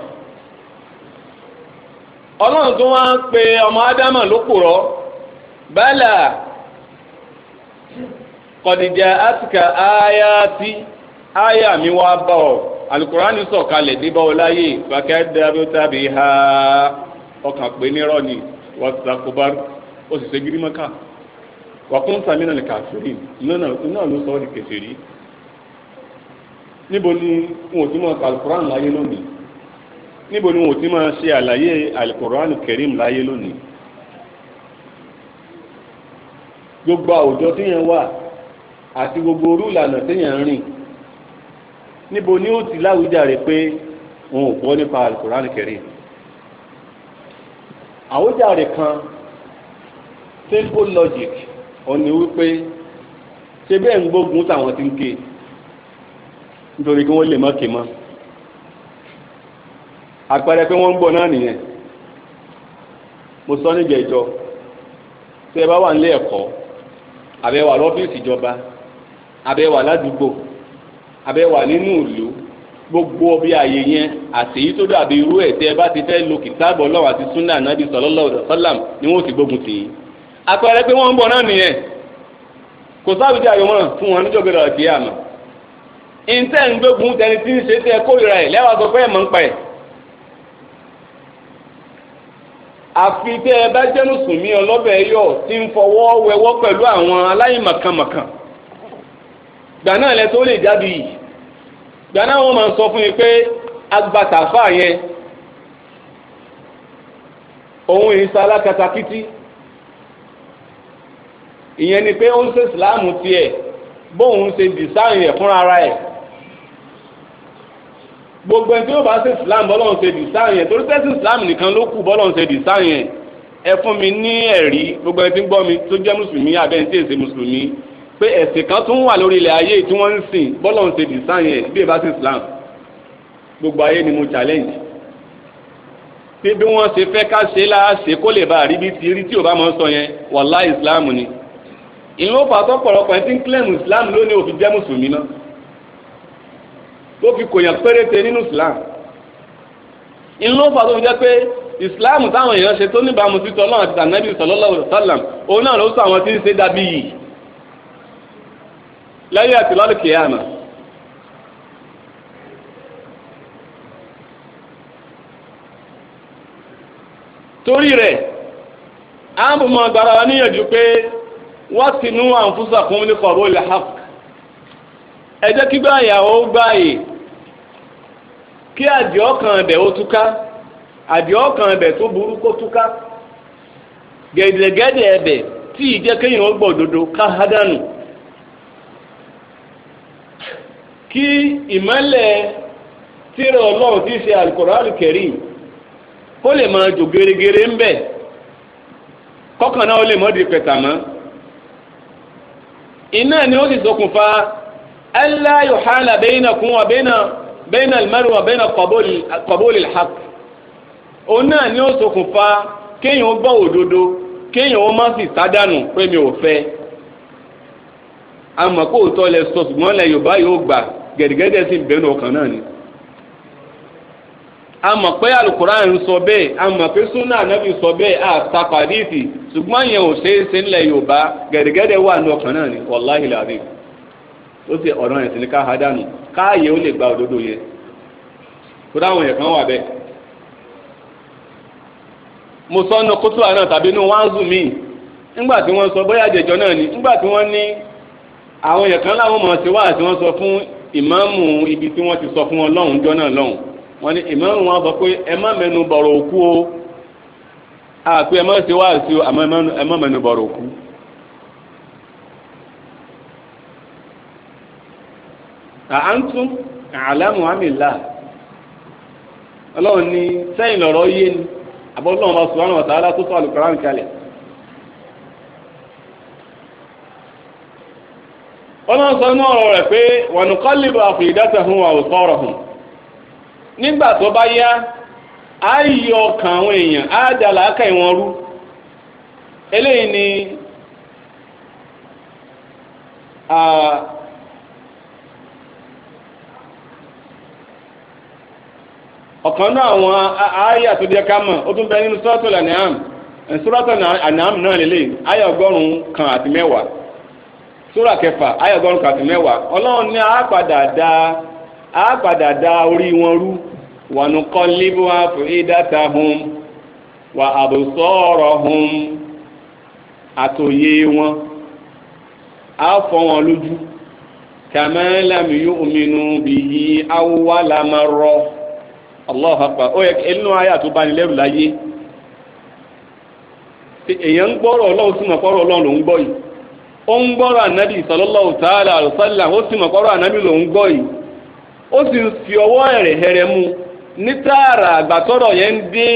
ọlọ́run tó pe ọmọ ádámà ló pòrọ́ kọ̀dìjà àtìkà àyà tí mi wá bá ọ alukurani sọ̀kalẹ̀ ọ láyè ha ọkàn pé nírọ̀ ni wọ́n ti ó sì ṣe ní kàfíìn náà ló sọ ọ́ di kèfèrí níbo ni wọn ò ti mọ alukurani láyé lónìí níbo ni wọn ò ti mọ ṣe àlàyé alukurani láyé lónìí gbogbo àwùjọ tí yẹn wà àti gbogbo orú ìlànà téèyàn ń rìn níbo ni ó ti láwùjáre pé òun ò gbọ́ nípa alukoran kẹrin àwùjáre kan simple logic ọ̀nà wípé ṣe bẹ́ẹ̀ ń gbógun táwọn ti ń ké nítorí kí wọ́n lè má ké mọ́ àpẹẹrẹ pé wọ́n ń bọ̀ náà nìyẹn mo sọ níjẹ̀jọ tẹ́ ẹ bá wà nílé ẹ̀kọ́ àbẹ̀wò àlọ́fíìsì ìjọba abẹ́wà ládùúgbò abẹ́wà nínú ìlú gbogbo ọbẹ̀ ààyè yẹn àtèyí tó dàbí irú ẹ̀ tẹ́ ẹ bá ti fẹ́ lo kìtàbọ̀ lọ́wọ́ àti súnà nàbí sallallahu sallam ni wọ́n ti gbógun tì í. àpẹẹrẹ pé wọ́n ń bọ̀ náà nìyẹn kò sábìjà yọ̀ wọ́n fún wọn níjọ́ gbẹdọ̀ àti àmọ́. ìǹtẹ́ ń gbógun tẹni tí ń ṣe tẹ kórìíra ẹ̀ lẹ́wàá sọ pé ẹ̀ mọ̀ ń pa ẹ̀. àfi tẹ́ ẹ bá jẹ́ mùsùlùmí gbà náà lẹ tó lè jáde yìí gbà náà wọ́n máa ń sọ fún mi pé agbàtàfà yẹn òun ìsa alákatakítí ìyẹn ni pé ó ń ṣe ìsìláàmù tiẹ̀ bóun ṣe dìsáìn rẹ̀ fúnra ara ẹ̀ gbogbo ẹni tí yóò bá ṣe islam bọ́lọ́run ṣe dìsáìn yẹn torí tẹ́sí islam nìkan ló kù bọ́lọ́run ṣe dìsáìn yẹn ẹ fún mi ní ẹ̀rí gbogbo ẹni tí ń gbọ́ mi tó jẹ́ mùsùlùmí abẹ́ ní tí èsè mùsùlùmí pé ẹ̀sìn kan tún wà lórí ilẹ̀ ayé tí wọ́n ń sìn bọ́lọ̀ ń ṣe design ẹ̀ bí ìbá sí Islam gbogbo ayé ni mo challenge pé bí wọ́n ṣe fẹ́ ká ṣe láàṣẹ kó lè bá a rí bí ti rí tí ò bá mọ̀ ń sọ yẹn wàlá Islam ni ìlú pàtó pọ̀lọpọ̀ ẹ̀ tí ń claim Islam lónìí òfin jẹ́ mùsùlùmí náà tó fi kòyàn péréte nínú Islam ìlú pàtó fi jẹ́ pé Islam táwọn èèyàn ṣe tó níbàámu sí tọ́lọ́ àti tànàbí sọlọ́lọ́ sálàm òun náà ló sọ àwọn tí ń ṣe dàbí yìí láyé àti ya na torí rẹ̀ àbùmọ̀ gbàrà wa níyànjú pé wọ́n ti nú àǹfùsà fún ní kọ̀ọ̀bù ilẹ̀ hàk. ẹ kí kí àdìọ́kàn ẹ̀bẹ̀ ó túká àdìọ́kàn ẹ̀bẹ̀ tó burú kó túká gẹ̀dẹ̀gẹ̀dẹ̀ ẹ̀bẹ̀ tí ìjẹ́ ó gbọ́ òdodo ká hádánù. kí ìmọ́lẹ̀ tírà ọlọ́run tí í ṣe alukoraanu Karim kó lè máa jò gèrègèrè ń bẹ̀ kọ́kàn náà ó lè mọ́ di pẹ̀tà mọ́ iná ni ó sì ṣokùnfà alla yuhala bainakum wa baina baina al-mar'i wa baina qabul al-haqq òun náà ni ó ṣokùnfà kéèyàn gbọ́ òdodo kéèyàn ó má sì sádànù pé mi ò fẹ́ amọ̀ kó tọ́ Yorùbá yóò gbà gẹ̀dẹ̀gẹ̀dẹ̀ sì ń bẹ́ẹ̀ náà ni. a mọ̀ pé alukur'an ń sọ a mọ̀ pé suna anabi sọ bẹ́ẹ̀ a ta pàdísì ṣùgbọ́n yẹn ò ṣe é ṣe wà ní náà ni wàláhi làbí ó sì ọ̀rọ̀ yẹn sì ni ká ha káàyè ó lè gba òdodo yẹ. kó dáwọn yẹn kan wà bẹ́ẹ̀ mo sọ kótó àná tàbí inú sọ bóyá àjẹjọ náà ni tí wọn ní àwọn yẹn kan láwọn mọ̀ sí sọ fún ìmáàmù ibi tí wọ́n ti sọ fún ọ lọ́hùn jọ náà lọ́hùn wọ́n ní ìmáàmù wọn sọ pé ẹ má mẹ́nu bọ̀rọ̀ òkú o àpé ẹ má ṣe wá sí o àmọ́ ẹ má mẹ́nu bọ̀rọ̀ òkú. àántún àlámù amìlá ọlọ́run ní sẹ́yìn yé ni àbọ̀ ọlọ́run bá ọ̀tá àlùkò ránkálẹ̀. ọlọ́run sọ inú ọ̀rọ̀ rẹ̀ pé wọ̀nù kọ́lìbù àfìdásẹ̀ hun àwòsọ̀rọ̀ hùn nígbà tó bá yá á ọkàn àwọn èèyàn á dà ìwọ̀n rú eléyìí ni ọ̀kan náà àwọn àáyà tó ká mọ̀ ó tún bẹ nínú náà lélẹ́yìn ọgọ́rùn-ún kan àti mẹ́wàá. sóra kẹfà ayọ̀gọ́rùn kàfi mẹ́wàá ọlọ́run ní àápàdà dá orí wọn rú wọnú kọ́ líbú àfẹ́dàtà hum wà àtòyé wọn á fọ wọn lójú kàmẹ́lẹ́mì yóò mìnú bìyí awúwálámárọ́ allah akpa ó yẹ inú ayé lẹ́rù láyé èèyàn ń ọlọ́run sí mọ̀ ọlọ́run ló ó ń gbọ́rọ̀ ànábì sallallahu ta'ala alaihi ó sì mọ̀ yìí ó sì fi ọwọ́ ẹ̀rẹ̀ mu ní tààrà àgbàtọ́rọ̀ yẹn ń dé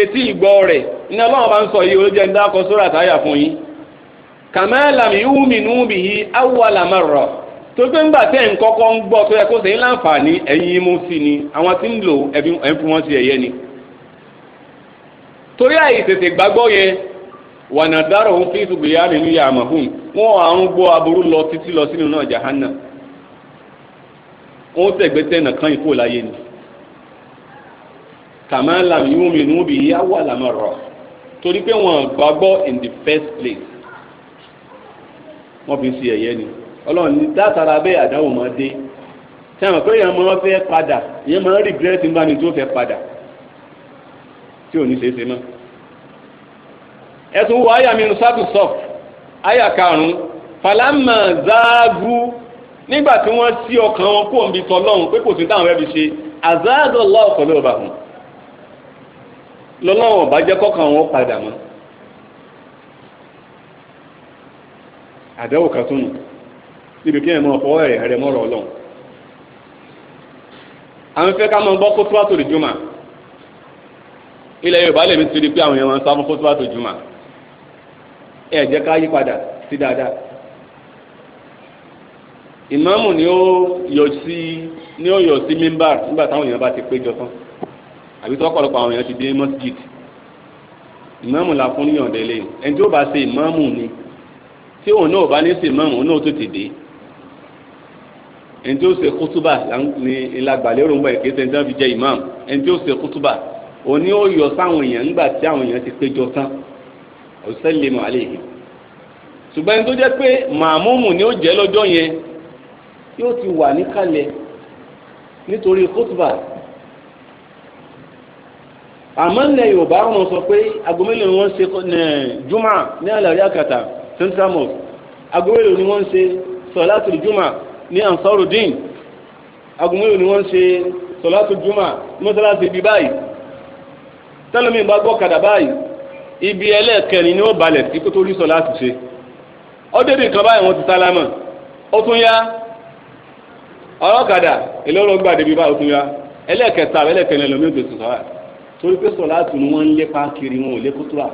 etí ìgbọ́ rẹ̀ ní ọlọ́run bá ń sọ yìí olójẹ́ ń dákọ sórí àtàyà fún yín kama lam yu'minu bihi awwala marra tó pé ńgbà tẹ́ ń kọ́kọ́ ń gbọ́ tó yẹ kó sẹ́yìn ni àwọn tí ń lò wànà dárò ń fi ìtùgbéyà nínú yàmà hùn wọn à ń gbọ́ aburú lọ títí lọ sínú náà jahanna wọn tẹ̀gbẹ́tẹ̀ nàkan ìkó láyé ni kàmá làm yóò mi nù bí yá wà lámà rọ torí pé wọn gbàgbọ́ in the first place wọn fi ń ṣe ni ọlọ́run ní látara bẹ́ẹ̀ àdáwò máa dé sẹ́wọ̀n pé èèyàn máa fẹ́ padà èèyàn máa ń regret nígbà ní tó fẹ́ padà tí ò ní ṣeé ṣe náà ẹtùn wọ àyà mìíràn sábì sọf àyà karùnún falama zaagu nígbà tí wọ́n sí ọkàn wọn kó omi tọlọ́run pé kò sí táwọn ẹbí ṣe àzáàdọ lọọkọ ló bá wọn lọlọrun ọba jẹ kọkàn wọn padà mọ́ àdéhùn kan tún nù níbi kí ẹ mọ ọfọwọ ẹ rẹ mọrọ Ọlọ́run àwọn fẹ́ ká máa gbọ́ kótópátò lè jùmọ̀ ilẹ̀ Yorùbá lèmi ti di pé àwọn èèyàn máa ń sá fún kótópátò jùmọ̀ ẹ jẹ́ ká yí padà sí dáadáa ìmáàmù ni ó yọ sí ni ó yọ sí mímbà nígbà táwọn èèyàn bá ti péjọ tán àbí tọ́pọ̀lọpọ̀ àwọn èèyàn ti dé mọ́síjìtì ìmáàmù la fún níyànjẹ lẹ́yìn ẹni tí ó bá ṣe ìmáàmù ni tí òun náà bá ní ṣe ìmáàmù òun náà tó ti dé ẹni tí ó ṣe kútúbà ní ìlàgbàlérò ń bọ̀ èké ṣe ń tán fi jẹ ìmáàmù ẹni tí ó ṣe kútúbà òun ni ó yọ sáwọn èèyàn nígbà tí àwọn èèyàn ti péjọ tán ọ̀sẹ́lẹ̀mù alayhi ṣùgbọ́n tó jẹ́ pé màmúmù ni ó jẹ́ lọ́jọ́ yẹn yóò ti wà níkàlẹ̀ nítorí kótóbà àmọ́ ilẹ̀ yorùbá wọn sọ pé agomélòó ni wọ́n ṣe juma ní alàrí akata. central mosque agomélòó ni wọ́n ṣe sọ̀látù juma ní ansarudin agomélòó ni wọ́n ṣe sọ̀látù juma mọ́sálásí bíi báyìí tẹ́lẹ̀mí bá gbọ́ kàdà báyìí ibi ẹlẹ́ẹ̀kẹrin ni ó balẹ̀ sí kó tó rí sọ láti ṣe ó débi kan báyìí wọ́n ti sálámà ó tún yá ọlọ́kadà ìlọ́rọ̀ gbà débi báyìí ó tún yá ẹlẹ́ẹ̀kẹta ẹlẹ́ẹ̀kẹrin lọ́mọ ètò ìsọ̀rọ̀ rẹ̀ torí pé sọ̀rọ̀ láti ni wọ́n ń lépa kiri wọn ò lé kútúrà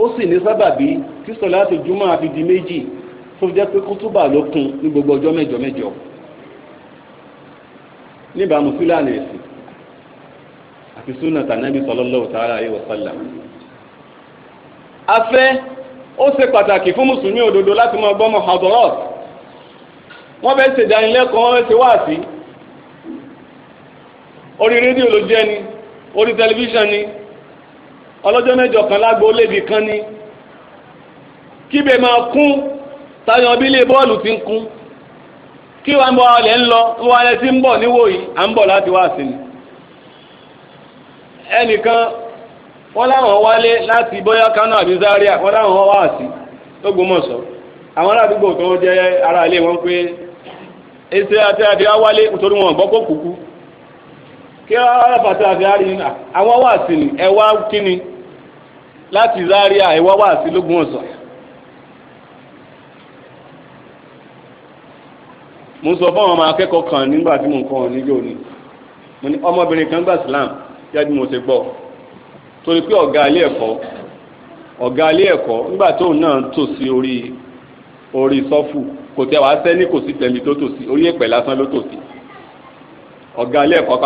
ó sì ní sábàbí tí sọ̀rọ̀ láti júmọ́ àfi di méjì tó jẹ́ pé kútúbà ló kún ní gbogbo ọjọ́ mẹ́jọ mẹ́jọ níbàámu fúlàní ẹ̀sìn àti súnà tànàbí sallallahu ta'ala alaihi wasallam. afẹ́ ó ṣe pàtàkì fún mùsùlùmí òdodo láti máa gbọ́ muhadarat wọ́n fẹ́ ṣe ìdánilẹ́kọ̀ọ́ wọ́n fẹ́ ṣe wáàsí orí rédíò ló jẹ́ ni orí tẹlifíṣàn ni ọlọ́jọ́ mẹ́jọ kan lágbo lébi kan ni kíbe máa kún táyọ̀ bí ilé bọ́ọ̀lù ti ń kún kí wàá ń bọ̀ ọ̀lẹ́ ń lọ wọ́n alẹ́ ti ń bọ̀ níwò yìí à ń bọ̀ láti wáàsí ni. ẹnìkan wọ́n láwọn wálé láti bóyá Kánò àbí Zaria wọ́n láwọn wá sí lÓgbómọ̀ṣọ́ àwọn aládùúgbò tó jẹ́ ara ilé wọn pé ẹsẹ àti àti awálé nítorí wọn gbọ́ kí alábàtà àti àrí nà àwọn wá sí ni ẹwà kíni láti wá mo sọ fún àwọn ọmọ akẹ́kọ̀ọ́ kan nígbà tí mo kọ́ ọ níjó ni kan gba yẹ́n mo gbọ́ torí pé ọ̀gá ilé ẹ̀kọ́ ọ̀gá ilé ẹ̀kọ́ nígbà tóun náà tò sí orí orí sọ́fù kò tẹ́ wàá sẹ́ni kò sí tó tò orí ẹ̀pẹ̀ lásán ló tò sí ẹ̀kọ́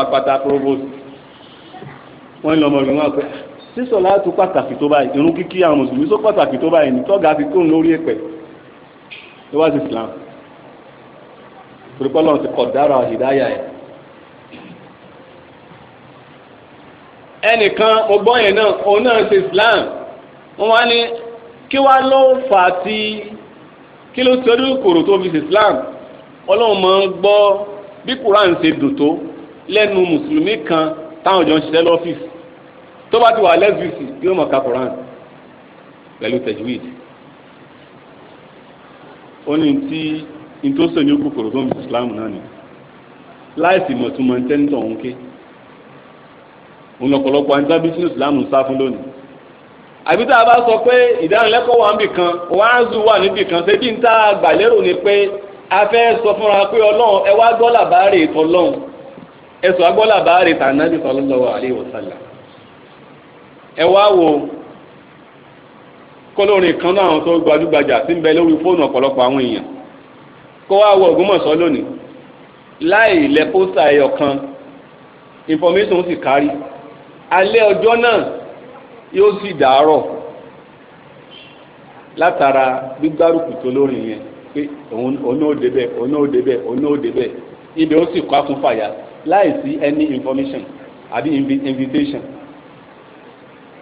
provost wọn sísọ láti pàtàkì tó báyìí irun kíkí sọ pàtàkì tó báyìí ní tọ́gà ti tóun lórí ẹ̀pẹ̀ ẹnìkan mo gbọ́ yẹn náà òun náà ṣe Islam wọ́n wá ní kí wá ló fà á ti kí ló torí kòrò tó fi ṣe Islam ọlọ́run máa ń gbọ́ bí Quran ṣe dùn tó lẹ́nu mùsùlùmí kan táwọn jọ ń ṣiṣẹ́ lọ́fíìsì tó bá ti wà lẹ́sìsì yóò mọ̀ ká Quran pẹ̀lú tajwid ó ní tí nítòsí ní ó kòkòrò tó ń bí Islam náà ni láìsí mọ̀túnmọ̀ ń tẹ́ńtọ̀ òun ké òun lọ́pọ̀lọpọ̀ àti tábí sínú ìsìlámù ń sá fún lónìí. àbí tá a bá sọ pé ìdánilẹ́kọ̀ọ́ wà níbì kan wáàzù wà níbì kan ṣé kí n tá a gbà lérò ni pé a fẹ́ sọ fúnra pé ọlọ́run ẹ wá gbọ́ làbáàrè tọlọ́run ẹ sọ agbọ́ làbáàrè tànàbì sallallahu alaihi wasallam. ẹ wá wo kọlọ́rin kan náà àwọn tó gbajúgbajà tí ń bẹ lórí fóònù ọ̀pọ̀lọpọ̀ àwọn èèyàn kó wá wọ Ògbómọ̀ṣọ́ lónìí láì lẹ pósítà ẹyọ kan information sì kárí alẹ́ ọjọ́ náà yóò sì dàárọ̀ látara gbígbárùkù tó lórí yẹn pé òun ó débẹ̀ òun ó débẹ̀ òun ó débẹ̀ ibẹ̀ ó sì kọ́ akúnfàyà láì sí any information àbí invitation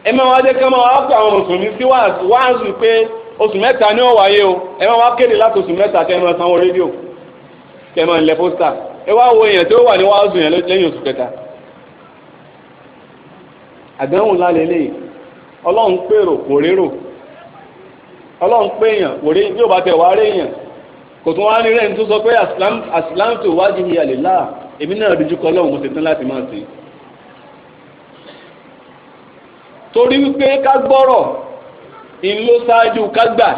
ẹ máa wá dé ká máa wá pé àwọn mùsùlùmí sí wáàzù pé oṣù mẹ́ta ni ó wáyé o ẹ máa wá kéde láti oṣù mẹ́ta kẹ́ ẹ máa sanwó rédíò kẹ́ ẹ máa lẹ pósítà ẹ wá wo èèyàn tó wà ní wáàzù yẹn lẹ́yìn oṣù kẹta àdéhùn lálẹ́lẹ́ ọlọ́run pèrò kò rérò ọlọ́run péyàn kò rí bí ó bá tẹ̀ wá réyàn kò tún wá nílẹ̀ tó sọ pé àsìláǹtò wájú ìyá lè láà èmi náà dojú kọ ọlọ́run mo ṣe tán láti máa ṣe. torí wípé ká gbọ́rọ̀ ìlú ṣáájú ká gbà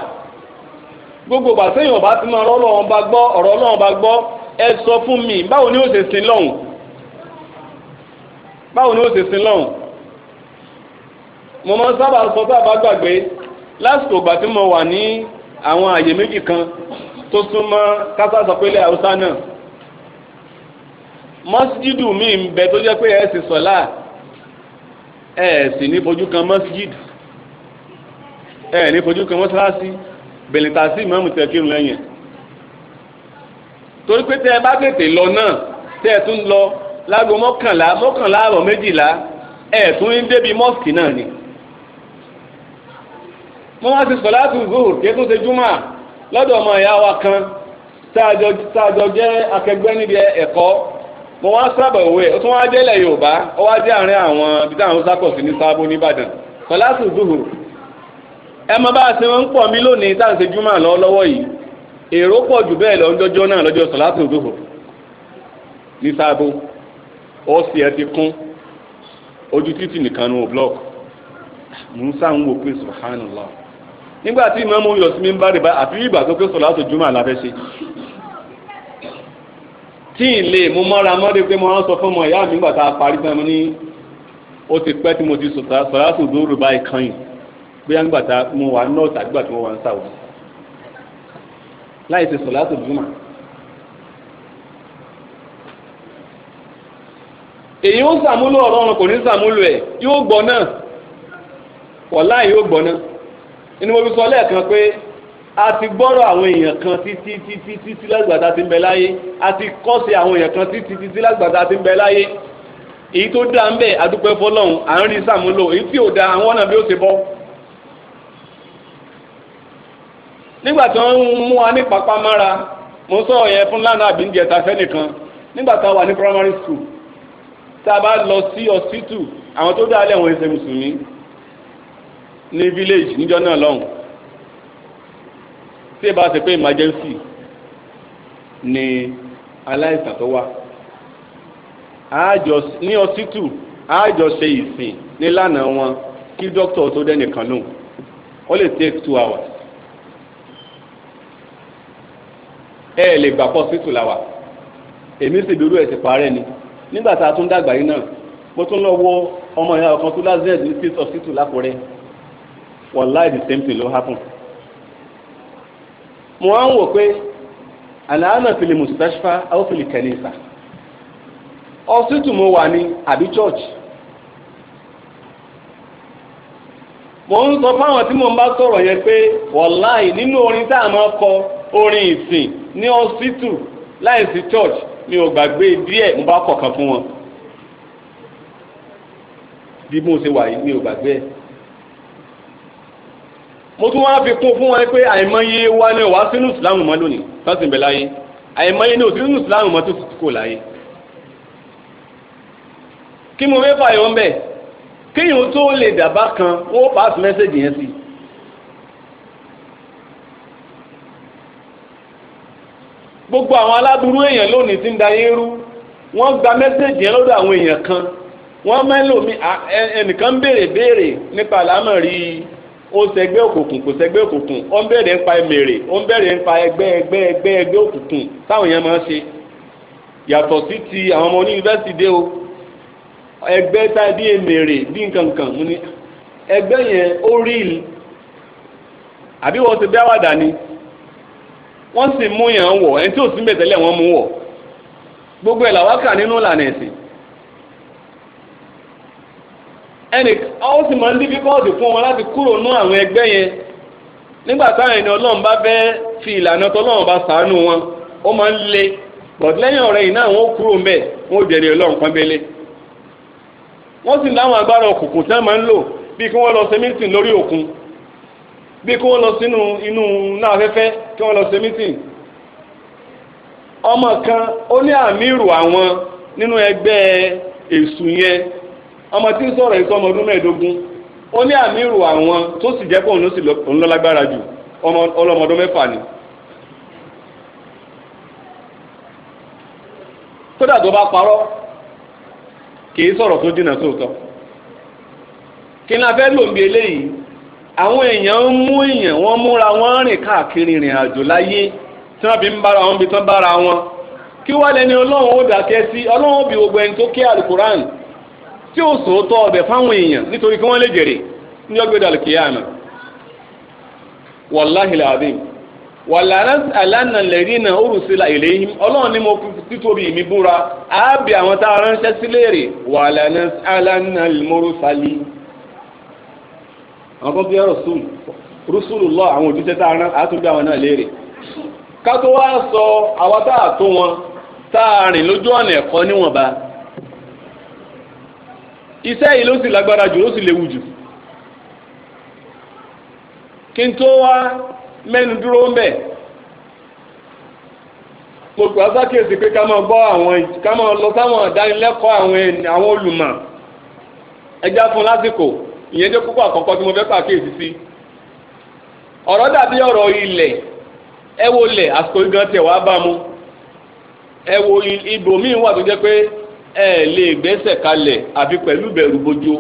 gbogbo ìgbà téèyàn bá ti máa rọ́ ọlọ́run bá gbọ́ ọ̀rọ̀ ọlọ́run bá gbọ́ ẹ sọ fún mi báwo ni ó ṣe sin lọ́hùn báwo ni ó ṣe sin lọ́hùn mo máa ń sábà sọ tá a bá gbàgbé lásìkò ìgbà tí mo wà ní àwọn àyè méjì kan tó súnmọ́ kásá haúsá náà mọ́síjìdù mi ń bẹ tó jẹ́ pé ẹ sì sọ̀lá ẹ sì ní fojú kan mọ́síjìdù ẹ ní fojú kan mọ́sálásí bẹ̀lẹ̀ta sí ìmọ̀ọ́mù tẹ kírun lẹ́yìn torí pé tẹ ẹ bá tètè lọ náà tẹ ẹ tún lọ láago mọ́kànlá mọ́kànlá àrọ̀ méjìlá ẹ tún ń débi mọ́sìkì náà ni. wọ́n wá sí sọ̀láàtù zuhur kéékù ṣe lọ́dọ̀ ọmọ ìyá wa kan táàjọ jẹ́ akẹgbẹ́ níbi ẹ̀kọ́ mo wá sábà òwe ó tún wá délẹ̀ yorùbá ó wá dé àárín àwọn táwọn sákọ̀ sí ní sábó nìbàdàn a ṣe ń pọ̀ mí lónìí táà ń ṣe júmọ̀ lọ́wọ́lọ́wọ́ yìí èrò pọ̀ jù bẹ́ẹ̀ lọ náà lọ́jọ́ sọ̀látù zuhur ní sábó ọ̀sì ẹ ti kún ojú títì nìkan o block musa ń subhanallah nígbà tí ìmọ̀mú yọ̀ sí mi ń bá rè bá àfi ìgbà tó pé sọ̀lá tó jùmọ̀ àlàfẹ́ ṣe tí ì lè mú mọ́ra mọ́dé pé mo rán sọ fún ọmọ ìyá mi nígbà tá a parí tán mo ní ó ti pẹ́ tí mo ti sọ̀rọ̀ àti òdòrò báyìí kan yìí bóyá nígbà tá mo wà náà tàbí gbà tí mo wà ń sàwọ̀ láì ṣe sọ̀rọ̀ àti èyí ó sàmúlò ọ̀rọ̀ ọ̀run kò ní sàmúlò ẹ̀ yóò gbọ́ náà wọ̀láì yóò gbọ́ náà inú mo fi sọ lẹ́ẹ̀kan pé a ti gbọ́rọ̀ àwọn èèyàn kan títí títí títí lágbàdá ti ń bẹ láyé a ti kọ́sí àwọn èèyàn kan títí títí lágbàdá ti ń bẹ láyé èyí tó dáa ń bẹ adúpẹ́ fọlọ́run à ń rí sàmúlò èyí tí ò dáa àwọn ọ̀nà bí ó ti bọ́. nígbà tí wọ́n ń mú wa ní pápá mára mo sọ̀rọ̀ yẹn fún lánàá àbí ǹjẹ́ ta fẹ́nìkan nígbà tá a wà ní primary school tá a bá lọ sí ọsítù àwọn tó dáa lẹ́wọ̀n ẹsẹ̀ mùsùlùmí ní village níjọ́ náà lọ́hùn tí ẹ bá ṣe pé emergency ni aláìsàn tó wà àjọ ní ọsítù àjọ ṣe ìsìn nílànà wọn kí dókítà tó dẹ́nìkan lóhùn ó lè take two hours ẹ ẹ lè gbà pọ̀ sítù làwà èmi sì dúró ẹ̀ sì parẹ́ ni nígbà tá a tún dàgbà yìí náà mo tún lọ wo ọmọ ìyá ọ̀kan tó lázẹ́ẹ̀dì state hospital lákùrẹ́ wàláì the same thing ló happen. mo mustashfa aw kanisa mo church. mo sọ fáwọn tí mo bá yẹn pé nínú orin tá a máa kọ orin ìsìn ní mi ò gbàgbé mo bá fún wọn bí mo wà yìí mi ò gbàgbé mo tún wáá fi kún fún wọn pé àìmọye wa ni wàá sínú ìsìláàmù mọ́ lónìí tọ́sí ń bẹ láyé àìmọye ni òsínú ìsìláàmù mọ́ tó sì kò láyé. kí mo fẹ́ fààyè wọn bẹ́ẹ̀ kéèyàn tó lè dàbá kan wọ́n pass message yẹn sí gbogbo àwọn aládùúrú èèyàn lónìí ti ń da yín rú wọ́n gba mẹ́sẹ̀jì yẹn lọ́dọ̀ àwọn èèyàn kan wọ́n mẹ́lò mi ẹnìkan béèrè béèrè nípa àlámọ̀ rí ó ṣẹgbẹ́ òkùnkùn kò ṣẹgbẹ́ òkùnkùn ó ń bẹ̀rẹ̀ ń pa ẹ̀mẹ̀rẹ̀ ó ń bẹ̀rẹ̀ ń pa ẹgbẹ́ ẹgbẹ́ ẹgbẹ́ ẹgbẹ́ òkùnkùn táwọn èèyàn máa ń ṣe yàtọ̀ sí ti àwọn ọmọ ní yunifásitì dé o ẹgbẹ́ ta bí ẹ̀mẹ̀rẹ̀ bí nkankan mú ni ẹgbẹ́ yẹn ó rí i. àbí wọ́n ti bẹ́ wà dání? wọ́n sì mú yàn wọ̀ ẹni tí ò sí mẹ́tẹ́lẹ̀ wọ́n mú wọ̀ gbogbo ẹ̀ làwákà nínú ìlànà ẹ̀sìn ẹnì ọhụrụ sì máa ń dífíkọ́ọ̀tì fún wọn láti kúrò nú àwọn ẹgbẹ́ yẹn nígbà táwọn ọlọ́run bá fẹ́ fi ìlànà tọ́lọ́run bá sàánú wọn ó máa ń le bọ̀dé lẹ́yìn ọ̀rẹ́ yìí náà wọ́n kúrò ń bẹ̀ wọ́n ò ọlọ́run wọ́n sì agbára òkùnkùn tí wọ́n máa ń lò bí kí wọ́n lọ ṣe mítìn lórí òkun bí ọmọ kan ó ní àwọn nínú ẹgbẹ́ èṣù yẹn ọmọ tí ń sọ̀rọ̀ isọmọdụ ọmọ ọdún mẹ́ẹ̀ẹ́dógún ó ní àmírù àwọn tó sì jẹ́ kóun ló sì lọ lágbára jù ọlọ́mọdún mẹ́fà ni. kódà tó bá parọ́ kìí sọ̀rọ̀ tó dínà sóòótọ́ eléyìí àwọn èèyàn ń èèyàn wọ́n múra wọ́n rìn káàkiri ìrìn àjò láyé tí wọ́n fi ń bára wọn bí tán bára ẹni tó kí tí ó sòótọ́ ọbẹ̀ fáwọn èèyàn nítorí kí wọ́n lè jèrè ní ọgbẹ́dọ̀ alkiyama wàláhìlà àdìm àlànà lẹ́rìnà òrùsílà ìléyìn ọlọ́run ni mo títóbi mi búra àwọn a ránṣẹ́ sí léèrè wàlàrà àlànà mọ́rùsálì àwọn kan fi a rán náà léèrè ká tó wá sọ àwọn tá wọn tá a rìn lójú ọ̀nà ẹ̀kọ́ iṣẹ́ yìí ló sì lágbára jù ló sì léwu jù kí n tó wá mẹ́nu dúró ń bẹ̀ mo gbà sákèsì pé ká máa gbọ́ àwọn ká máa lọ sáwọn ìdánilẹ́kọ̀ọ́ àwọn olùmọ̀ ẹja fún lásìkò ìyẹn jẹ́ àkọ́kọ́ tí mo fẹ́ pàkíyèsí sí ọ̀rọ̀ dàbí ọ̀rọ̀ ilẹ̀ ẹ wo ilẹ̀ àsìkò igan tẹ̀ wá bá mu ẹ wo ibòmíì wà tó ẹ lè gbẹ́sẹ̀ kalẹ̀ àfi pẹ̀lú bẹ̀rù bojo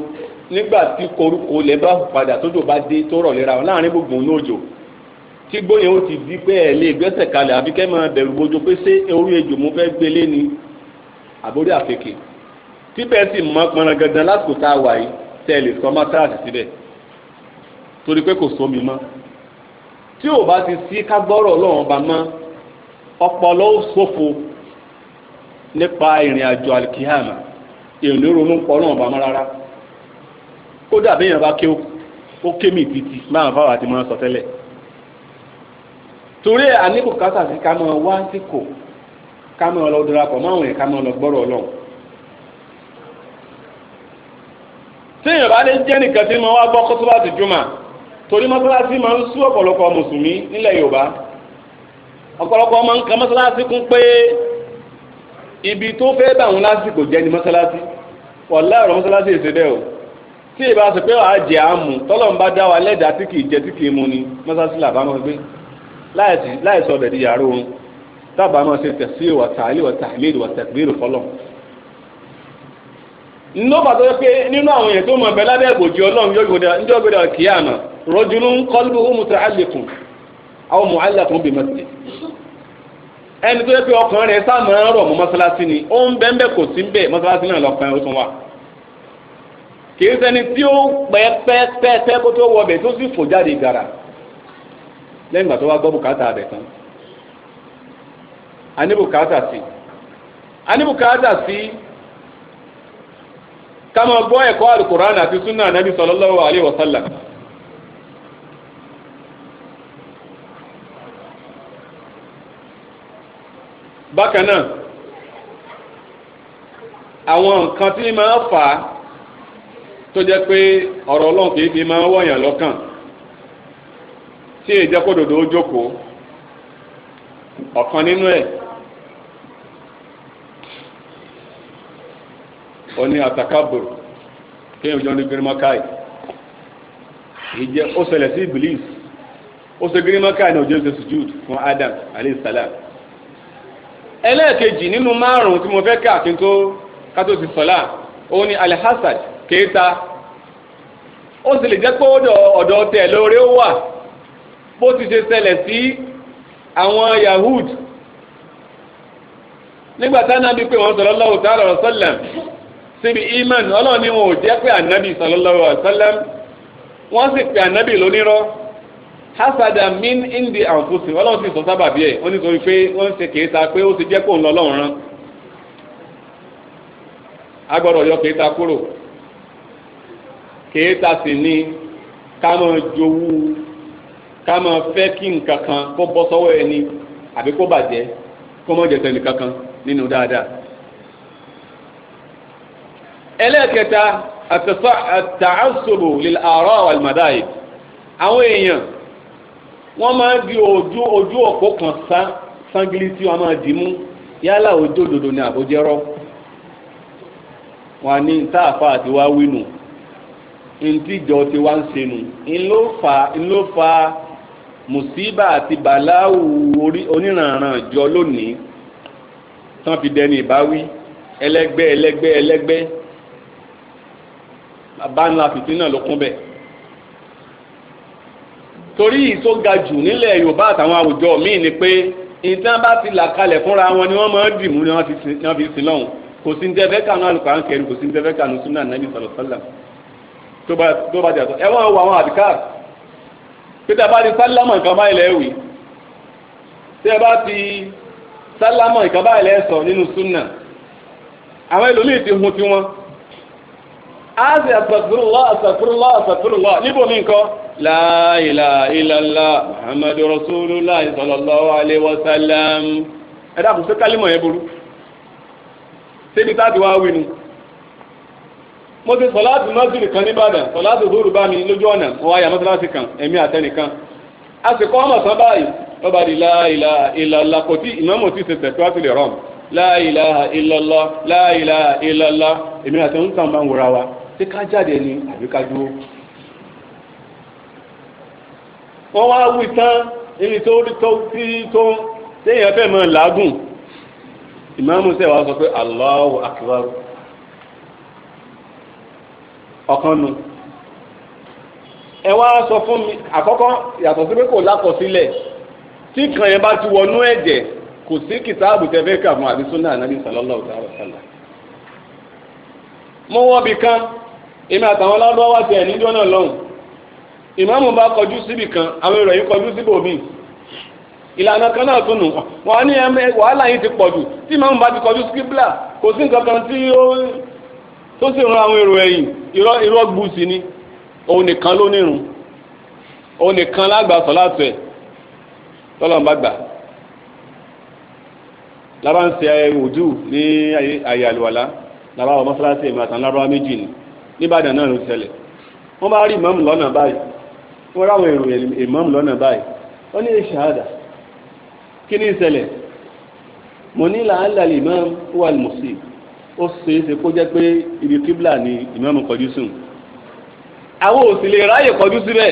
nígbà tí koríko lẹ̀ padà tójò bá dé tó rọ̀ láàrin gbogbo tí gbóyè ó ti di pé ẹ lè gbẹ́sẹ̀ kalẹ̀ àfi kẹ́ máa bẹ̀rù mo fẹ́ ni àbórí sì mọ lásìkò tá a wà yìí tẹ́ ẹ sọ síbẹ̀ torí pé ti sí ọlọ́run ọba mọ́ nípa ìrìn àjò alikihama èèyàn ní ronú pọ̀ náà bàmọ́ rárá kódà bí èèyàn bá ké ó ké mi títí máa fáwọn àti máa sọ tẹ́lẹ̀ torí àníkò kásà sí ká máa wá síkò ká máa lọ darapọ̀ máa wọ̀nyẹn ká máa lọ gbọ́rọ̀ ọlọ́run tí èèyàn bá lè jẹ́ nìkan tí mo wá gbọ́ kó tó bá ti jùmọ̀ torí mọ́sálásí máa ń sú ọ̀pọ̀lọpọ̀ mùsùlùmí nílẹ̀ yorùbá ọ̀pọ̀lọpọ̀ máa ń kan mọ́sálásí kún pé ibi tó fẹ́ bá àwọn lásìkò jẹ́ ní mọ́sálásí ọ̀la ọ̀rọ̀ mọ́sálásí èsè bẹ́ẹ̀ o tí ìbá sọ pé wàá jẹ àmú tọ́lọ̀ ń bá dá wa lẹ́dàá tí kì jẹ tí kì mu ni mọ́sálásí làbá máa gbé sọ ọbẹ̀ di yàrá òun dábàá máa ṣe tẹ̀sí wà tààlì wà tààlì wà tẹ̀kbírù fọlọ̀ nínú bàtọ́ pé nínú àwọn èèyàn tó mọ̀ lábẹ́ ìbòjì ọlọ́run ẹni tó yẹ pé ọkàn rẹ̀ sáàmù ọ̀rọ̀ mọ́ mọ́sálásí ni ó ń bẹ́ẹ̀ bẹ́ẹ̀ kò sí ń bẹ́ẹ̀ mọ́sálásí náà lọ́kàn ó tún wà. kì í ṣẹni tí ó pẹ́ pẹ́ pẹ́ pẹ́ kó tó wọ ọbẹ̀ tó sì fò jáde gàrà lẹ́yìn ìgbà tó wá gbọ́ bùkátà rẹ̀ tán. a ní bùkátà sí a ní bùkátà sí ká máa gbọ́ ẹ̀kọ́ àlùkùránì àti súnà ànábì sallallahu alaihi wasallam bákan náà àwọn nǹkan tí máa fà á tó jẹ́ pé ọ̀rọ̀ ọlọ́run kìí fi máa wọ̀yàn lọ́kàn tí ìjẹ́kòdòdó ó jókòó ọ̀kan nínú ẹ̀ ó ní àtàkàbò kéèyàn jọ ní gírímọ́káì ìjẹ́ ó ṣẹlẹ̀ sí Iblis ó ṣe gírímọ́káì ní fún Adam alayhi ẹlẹ́ẹ̀kejì nínú márùn-ún tí mo fẹ́ kà kí n tó kátó ti sọ́lá òun ni alhasad kéta ó sì lè jẹ́ pé ọ̀dọ̀ tẹ̀ lóore ó wà bó ti ṣe yahud nígbà tí anábì pé wọ́n sallallahu ta'ala wa si síbi iman ọlọ́run ni wọn ò jẹ́ pé anábì sallallahu wa sallam wọ́n sì pè lónírọ́. hasada min indi àwòsósì ọlọ́run sì sọ sábà bí ẹ̀ ó nítorí pé wọ́n ń ṣe kèéta pé ó ti jẹ́ kóun lọ́lọ́run rán a gbọ́dọ̀ yọ kèéta kúrò kèéta sì ni ká máa jowú ká máa fẹ́ kí nǹkan kan kó bọ́ sọ́wọ́ ẹni àbí kó bàjẹ́ kó má jẹ́ tẹ̀lé kankan nínú dáadáa. ẹlẹ́ẹ̀kẹta àtàásùbù lil àárọ̀ àlùmọ̀dáyì àwọn èèyàn wọ́n máa ń di ojú ojú òpó kan sá sangili tí wọ́n máa dì mú yálà ojú òdodo ni àbójẹ́rọ́ wọn ní tá àfa àti wá wínú ntíjọ ti wá ń senu ńlọ fa ńlọ fa mùsíbà àti bàláwù oníranran jọ lónìí tán fi dẹni ìbáwí ẹlẹ́gbẹ́ ẹlẹ́gbẹ́ ẹlẹ́gbẹ́ bá ńlá fìtínà ló kún bẹ́ẹ̀ torí yìí tó ga jù nílẹ̀ yorùbá àtàwọn àwùjọ míì ni pé ìtàn bá ti là kalẹ̀ fúnra wọn ni wọ́n máa ń dìmú ni wọ́n fi sin lọ́hùn kò sí ní tẹ́fẹ́ kànú alùpàá ń kẹrin kò sí ní tẹ́fẹ́ kànú súnà nàbì sọ̀rọ̀ sọ́là tó bá jàdọ̀ ẹ wọ àwọn àdìkà pété bá ti sálámà nǹkan bá ilẹ̀ wì tẹ́ bá ti sálámà nǹkan bá ilẹ̀ sọ nínú súnà àwọn ẹlòmíì ti hun tiwọn áàzì àtàkùrùlá àtàkùrùlá àtàkùrùlá níbo mi nǹkan láìlà ìlàlá muhammadu rasulullah sallallahu alaihi wasallam ẹ dákun sí kálímọ̀ yẹn burú síbi táàtì wá wí ni mo ti sọláàtì mọ́sílì kan nìbàdàn sọláàtì òhúrù bá mi lójú ọ̀nà mo wáyà mọ́sálásì kan èmi àtẹnìkan a sì kọ́ ọmọ sán báyìí lọ́ba di láìlà ìlàlá kò tí ìmọ̀mọ̀ tí ṣẹ̀ṣẹ̀ tó àtìlẹ̀ rọ̀m láìlà ìlàlá láìlà ìlàlá èmi àtẹnìkan bá ń wòra wa ṣé ká jáde ni àbí ká dúró. wọ́n wá wí tán ibi tó tó tí tó téèyàn fẹ́ mọ́ làágùn ìmáàmù sẹ́ wàá sọ pé Allahu akbar ọ̀kan nu ẹ wá sọ fún mi àkọ́kọ́ yàtọ̀ sí pé kò lákọsílẹ̀ tí kan yẹn bá ti wọnú ẹ̀jẹ̀ kò sí kìtáàbù tẹ́fẹ́ kà àbí súnà ànábì sallallahu ta'ala wa sallam mo wọ́n bi kan èmi àtàwọn lọ́dọ́ wá tiẹ̀ níjọ́ náà lọ́hùn ìmáàmù bá kọjú síbì kan àwọn èrò yìí kọjú síbò míì ìlànà kan náà tún nù wọn ní wàhálà yìí ti pọ̀jù tí ìmáàmù bá ti kọjú sí kíbla kò sí nǹkan kan tí ó tó sì ran àwọn èrò ẹ̀yìn irọ́ gbùsì ni òun nìkan ló nírun òun nìkan lágbà sọ láti ẹ̀ tọ́lọ̀ bá gbà lábá ń ṣe ojú ní àyè àlùwàlá lábá wọn mọ́sálásí èmi àtàwọn lábá méjì ni nìbàdàn náà ló ṣẹlẹ̀ wọ́n bá rí ìmọ̀mù lọ́nà báyìí wọ́n ráwọn èrò ìmọ̀mù lọ́nà báyìí wọ́n ní ìṣàhádà kí ni ìṣẹlẹ̀ mo ní làálà ìmọ̀mù wà lùmùsì ó ṣeéṣe kó jẹ́ pé ibi kíbla ni Imam kọjú sùn àwọn òsì lè ráyè kọjú síbẹ̀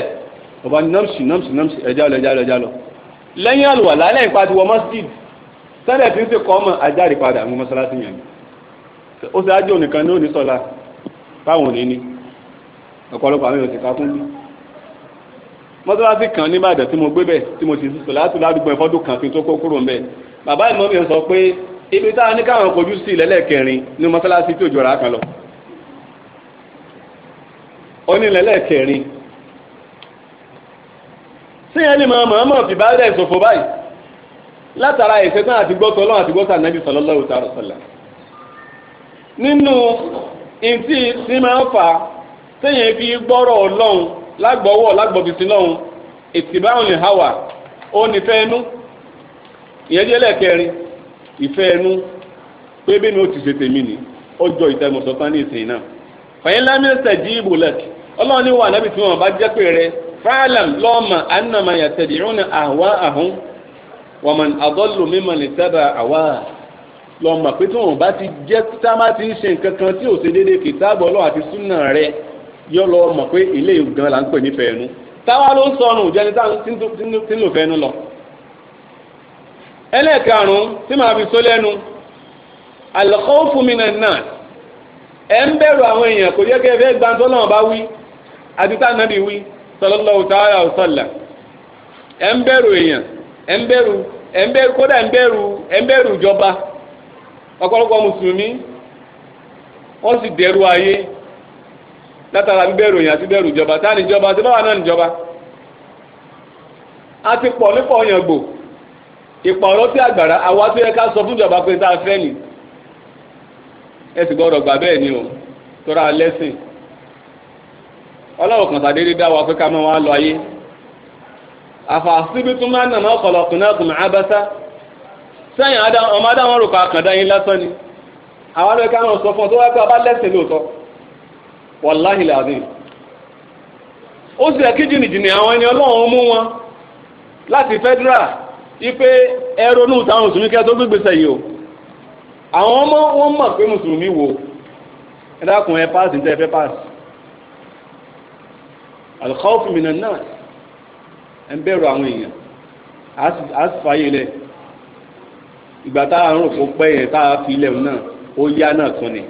ọba nọ́ọ̀sì nọ́ọ̀sì nọ́ọ̀sì ẹja lọ ẹja lọ ẹja lọ lẹ́yìn àlùwàlá lẹ́yìn pàtiwọ masjid sẹ́lẹ̀ tí ń ṣe kọ́ ọmọ ajáre padà àwọn mọ́sálásí yẹn ó ṣe ájò nìkan ní òní táwọn ò ní ní ọ̀pọ̀lọpọ̀ àwọn èèyàn ti kakún bí mọ́sálásí kan ní Ìbàdàn tí mo gbé bẹ̀ tí mo sì sọ láti ládùúgbò ìfọ́dún kan fi tó kó kúrò ń bẹ̀ bàbá ìmọ̀ mi sọ pé ibi táwọn ní káwọn kojú sí lẹ́lẹ́kẹrin ní mọ́sálásí tí òjò rà kan lọ onílẹ̀lẹ́kẹrin sí ẹni máa mọ̀ọ́mọ̀ fi bá rẹ̀ ṣòfò báyìí látara ìṣẹ́gbọ́n àti gbọ́tọ̀ ọlọ́run àti gbọ́tọ̀ ntí tí máa ń fà á téèyàn fi gbọ́rọ̀ ọlọ́run lágbọ́wọ́ lágbọ́bìsí lọ́run ìtìbáhùn lè háwà ó nífẹ̀ẹ́ ẹnu ìyẹn jẹ́ lẹ́ẹ̀kẹrin ìfẹ́ ẹnu pé bẹ́ẹ̀ ni ó ti ṣe tèmi ni ó jọ ìtẹ̀mọ̀sọ́tán ní ìsìn náà fẹ̀yìn lámìlẹ́sẹ̀ jí ìbò lẹ́kì ọlọ́run ní wà lábì tí wọn bá jẹ́ pé rẹ fáàlàm lọ́ọ̀mà ànàmà yàtẹ̀dìrún àwa àhún wàmàn àdọ́lùmímọ̀ lè sábà lọ mọ̀ pé tí wọn bá ti jẹ́ tá má ti ń ṣe nǹkan kan tí ò ṣe déédéé kìtàbù Ọlọ́run àti súnà rẹ̀ yọ lọ mọ̀ pé ilé ìgbọ̀n là ń pè ní fẹ̀ẹ́nu táwa ló ń sọnù jẹni tí ń lò fẹ́ẹ́nu lọ. ẹlẹ́ẹ̀karùn-ún tí màá fi sọ lẹ́nu al-khawfu minan nas ẹ̀ ń bẹ̀rù àwọn èèyàn kò yẹ kí ẹ fẹ́ gbàǹtọ́ náà bá wí àti tá nàbì wí sallallahu ta'ala wa ẹ̀ ń bẹ̀rù èèyàn ẹ̀ ń bẹ̀rù kódà ń bẹ̀rù ìjọba ọ̀pọ̀lọpọ̀ mùsùlùmí wọ́n sì dẹrú ayé látara bíbẹ̀rù èèyàn ti bẹ̀rù ìjọba táà níjọba àti báwa náà níjọba a ti pọ̀ nípa ọ̀yàn gbò ìpọ̀ sí àgbàrá àwa tó yẹ ká sọ fún ìjọba pé tá a fẹ́ nì ẹ sì gbọ́dọ̀ gbà bẹ́ẹ̀ ni o tọ́ra lẹ́sìn ọlọ́run kan tàdédé dá wa pé ká máa wá lọ ayé máa sẹ́yìn ọmọ adáwọn rò pa àkàndá yín lásán ni àwọn ọmọ ẹ̀ka náà sọ fún ọ tó wá pé abá lẹ́sìn lóòótọ́ wàláhì làdín ó sì ẹ̀kí jìnnìjìnnì àwọn ẹni ọlọ́run mú wọn láti federal ipe ẹronú táwọn mùsùlùmí kẹ́ tó gbégbèsè yìí o àwọn ọmọ wọn mọ̀ pé mùsùlùmí wo ẹ dákun ẹ páàsì ní tẹ́ ẹ fẹ́ páàsì alkhawf minan nas ẹ ń bẹ̀rù àwọn èèyàn á lẹ́yìn ìgbà tá a rùn kó pẹ́ yẹn tá a fi ilẹ̀ náà ó yá náà tún ni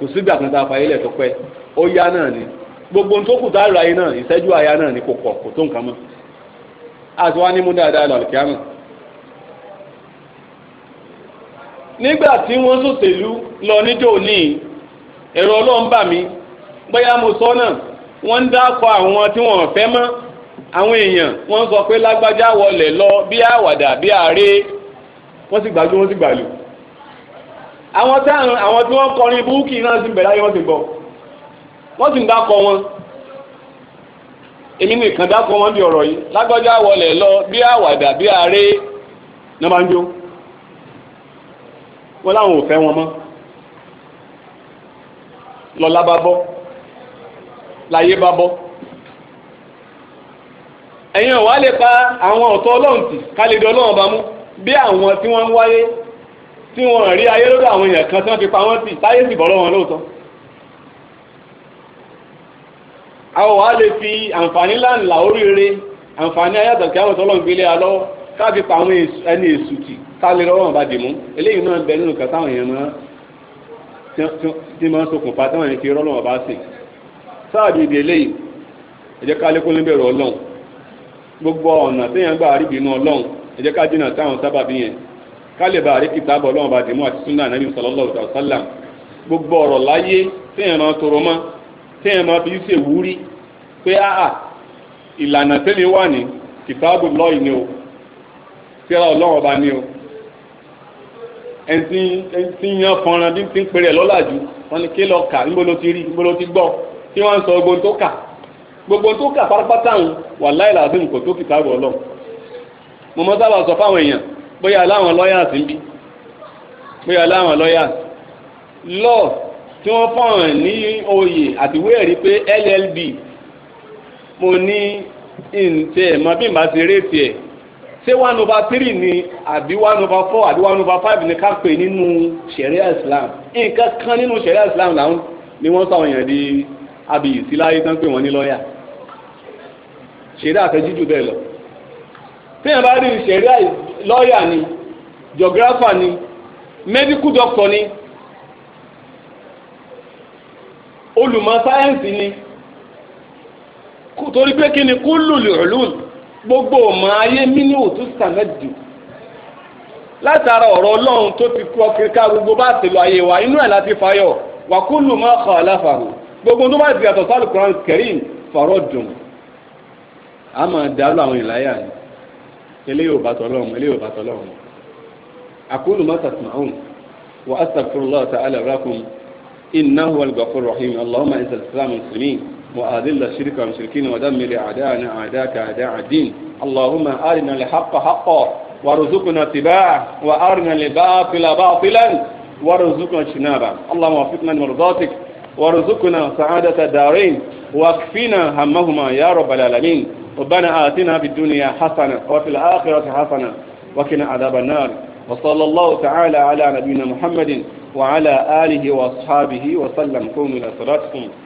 kò sígbà kan tá a fa ilẹ̀ tó pẹ́ ó yá náà ni gbogbo tó kù tá a lọ ayé náà ìṣẹ́jú àyá náà ni kò pọ̀ kò tó nǹkan mọ́ àti wá ní mú dáadáa lọ kíámù. nígbà tí wọ́n sòṣèlú lọ níjó ní ẹ̀rọ ọlọ́run bà mí bóyá mo sọ náà wọ́n ń dákọ̀ àwọn tí wọ́n fẹ́ mọ́ àwọn èèyàn wọ́n sọ pé lágbájá wọlé lọ bí àwàdà bí àárẹ̀ wọ́n sì gbàjú wọ́n sì gbàlù àwọn táwọn àwọn tí wọ́n kọrin búrúkì náà sì bẹ̀rẹ̀ ayé wọ́n ti gbọ́ wọ́n sì ń dákọ̀ wọn èmi nìkan dákọ̀ wọn bí ọ̀rọ̀ yìí lágbájá wọlé lọ bí àwàdà bí aré náà máa ń jó wọ́n láwọn ò fẹ́ wọn mọ́ lọ́lá bá bọ́ láyé bá bọ́ ẹ̀yin ò wá lè pa àwọn ọ̀tọ̀ ọlọ́run tì ká lè di ọlọ́run bá mú bí àwọn tí wọ́n ń wáyé tí wọ́n rí ayé lọ́dọ̀ àwọn èèyàn kan tí wọ́n fi pa wọ́n tì táyé sì bọ́ lọ́wọ́ lóòótọ́. àwọn wàá lè fi àǹfààní láǹlà oríire àǹfààní ayàtọ̀kẹ́ àwọn tọ́lọ́ gbélé alọ́ ká fi pa àwọn ẹni èṣù tì ká lè rọ́wọ́ bá dì mú eléyìí náà bẹ nínú kàtà àwọn èèyàn máa tí máa ń ṣokùnfà táwọn èèyàn fi rọ́lọ́wọ́ bá sìn sáàbì ìdí eléyìí ẹ̀jẹ̀ ká lékún níbẹ̀rù ọlọ́run gbogbo ọ̀nà téèyàn gbà rí bínú ọlọ́run ẹ jẹ́ ká jìnnà sáwọn sábàbí yẹn ká lè bá àrí kìtàbọ̀ ọlọ́run bá dìmú àti súnà nàbí sallallahu alaihi wasallam gbogbo ọ̀rọ̀ láyé téèyàn máa tọrọ mọ́ téèyàn máa fi ṣe wúrí pé áà ìlànà tẹ́lẹ̀ wà ní kìtàbù lọ́ọ̀ ni o tírà ọlọ́run ọba ni o ẹni tí ń yan fọnrán bí ti ń pèrè lọ́làjú wọn ni kí lọ kà níbo ló ti rí níbo ló ti gbọ́ tí wọ́n ń sọ gbogbo tó kà gbogbo tó kà pátápátá òun wà láìláàdún nǹkan tó kìtàbù ọlọ́run mo mọ sábà sọ fáwọn èèyàn bóyá aláwọn lọ́yà sí ń bí bóyá aláwọn lọ́yà lọ tí wọ́n fọ̀hàn ní oyè àtiwé ẹ̀rí pé LLB mo ní ǹtẹ̀ mọ bí n bá ti rétí ẹ̀ ṣé one over three ni àbí one over four àbí one over five ni ká pè nínú Sharia Islam nǹkan kan nínú Sharia Islam làwọn ni wọ́n sọ àwọn èèyàn di abiyì sí láyé tán pé wọ́n ní lọ́yà ṣeré àfẹ́jíjù bẹ́ẹ̀ lọ téèyàn bá rí ìṣẹ̀ríà lọ́ọ̀yà ni jọ̀gráfà ni mẹ́díkù dọ́kítọ̀ ni olùmọ̀ sáyẹ́ǹsì ni torí pé kí ni kúlù lùlùl gbogbo ọmọ ayé mínú òtún sàmẹ́dì látara ọ̀rọ̀ ọlọ́run tó ti kọ́ kíríkà gbogbo bá ti lọ ayé wa inú ẹ̀ láti fayọ̀ wà kúlù má kọ́ aláfàrò gbogbo tó bá ti yàtọ̀ sálùkùrán kẹrin fọ̀rọ̀ dùn a máa dàlú àwọn ìláyà ni eléyìí ò bá tọ́lọ́run eléyìí ò bá tọ́lọ́run. aqulu ma tasma'un wa astaghfirullah ta'ala lakum innahu wal ghafurur rahim allahumma inzil islam muslimin وأذل الشرك والمشركين ودمر أعداءنا أعداءك أعداء الدين اللهم أرنا الحق حقا وارزقنا اتباعه وأرنا الباطل باطلا وارزقنا اجتنابه اللهم وفقنا لمرضاتك وارزقنا سعادة الدارين واكفنا همهما يا رب العالمين ربنا آتنا في الدنيا حسنة وفي الآخرة حسنة وقنا عذاب النار وصلى الله تعالى على نبينا محمد وعلى آله وأصحابه وسلم قوموا إلى صلاتكم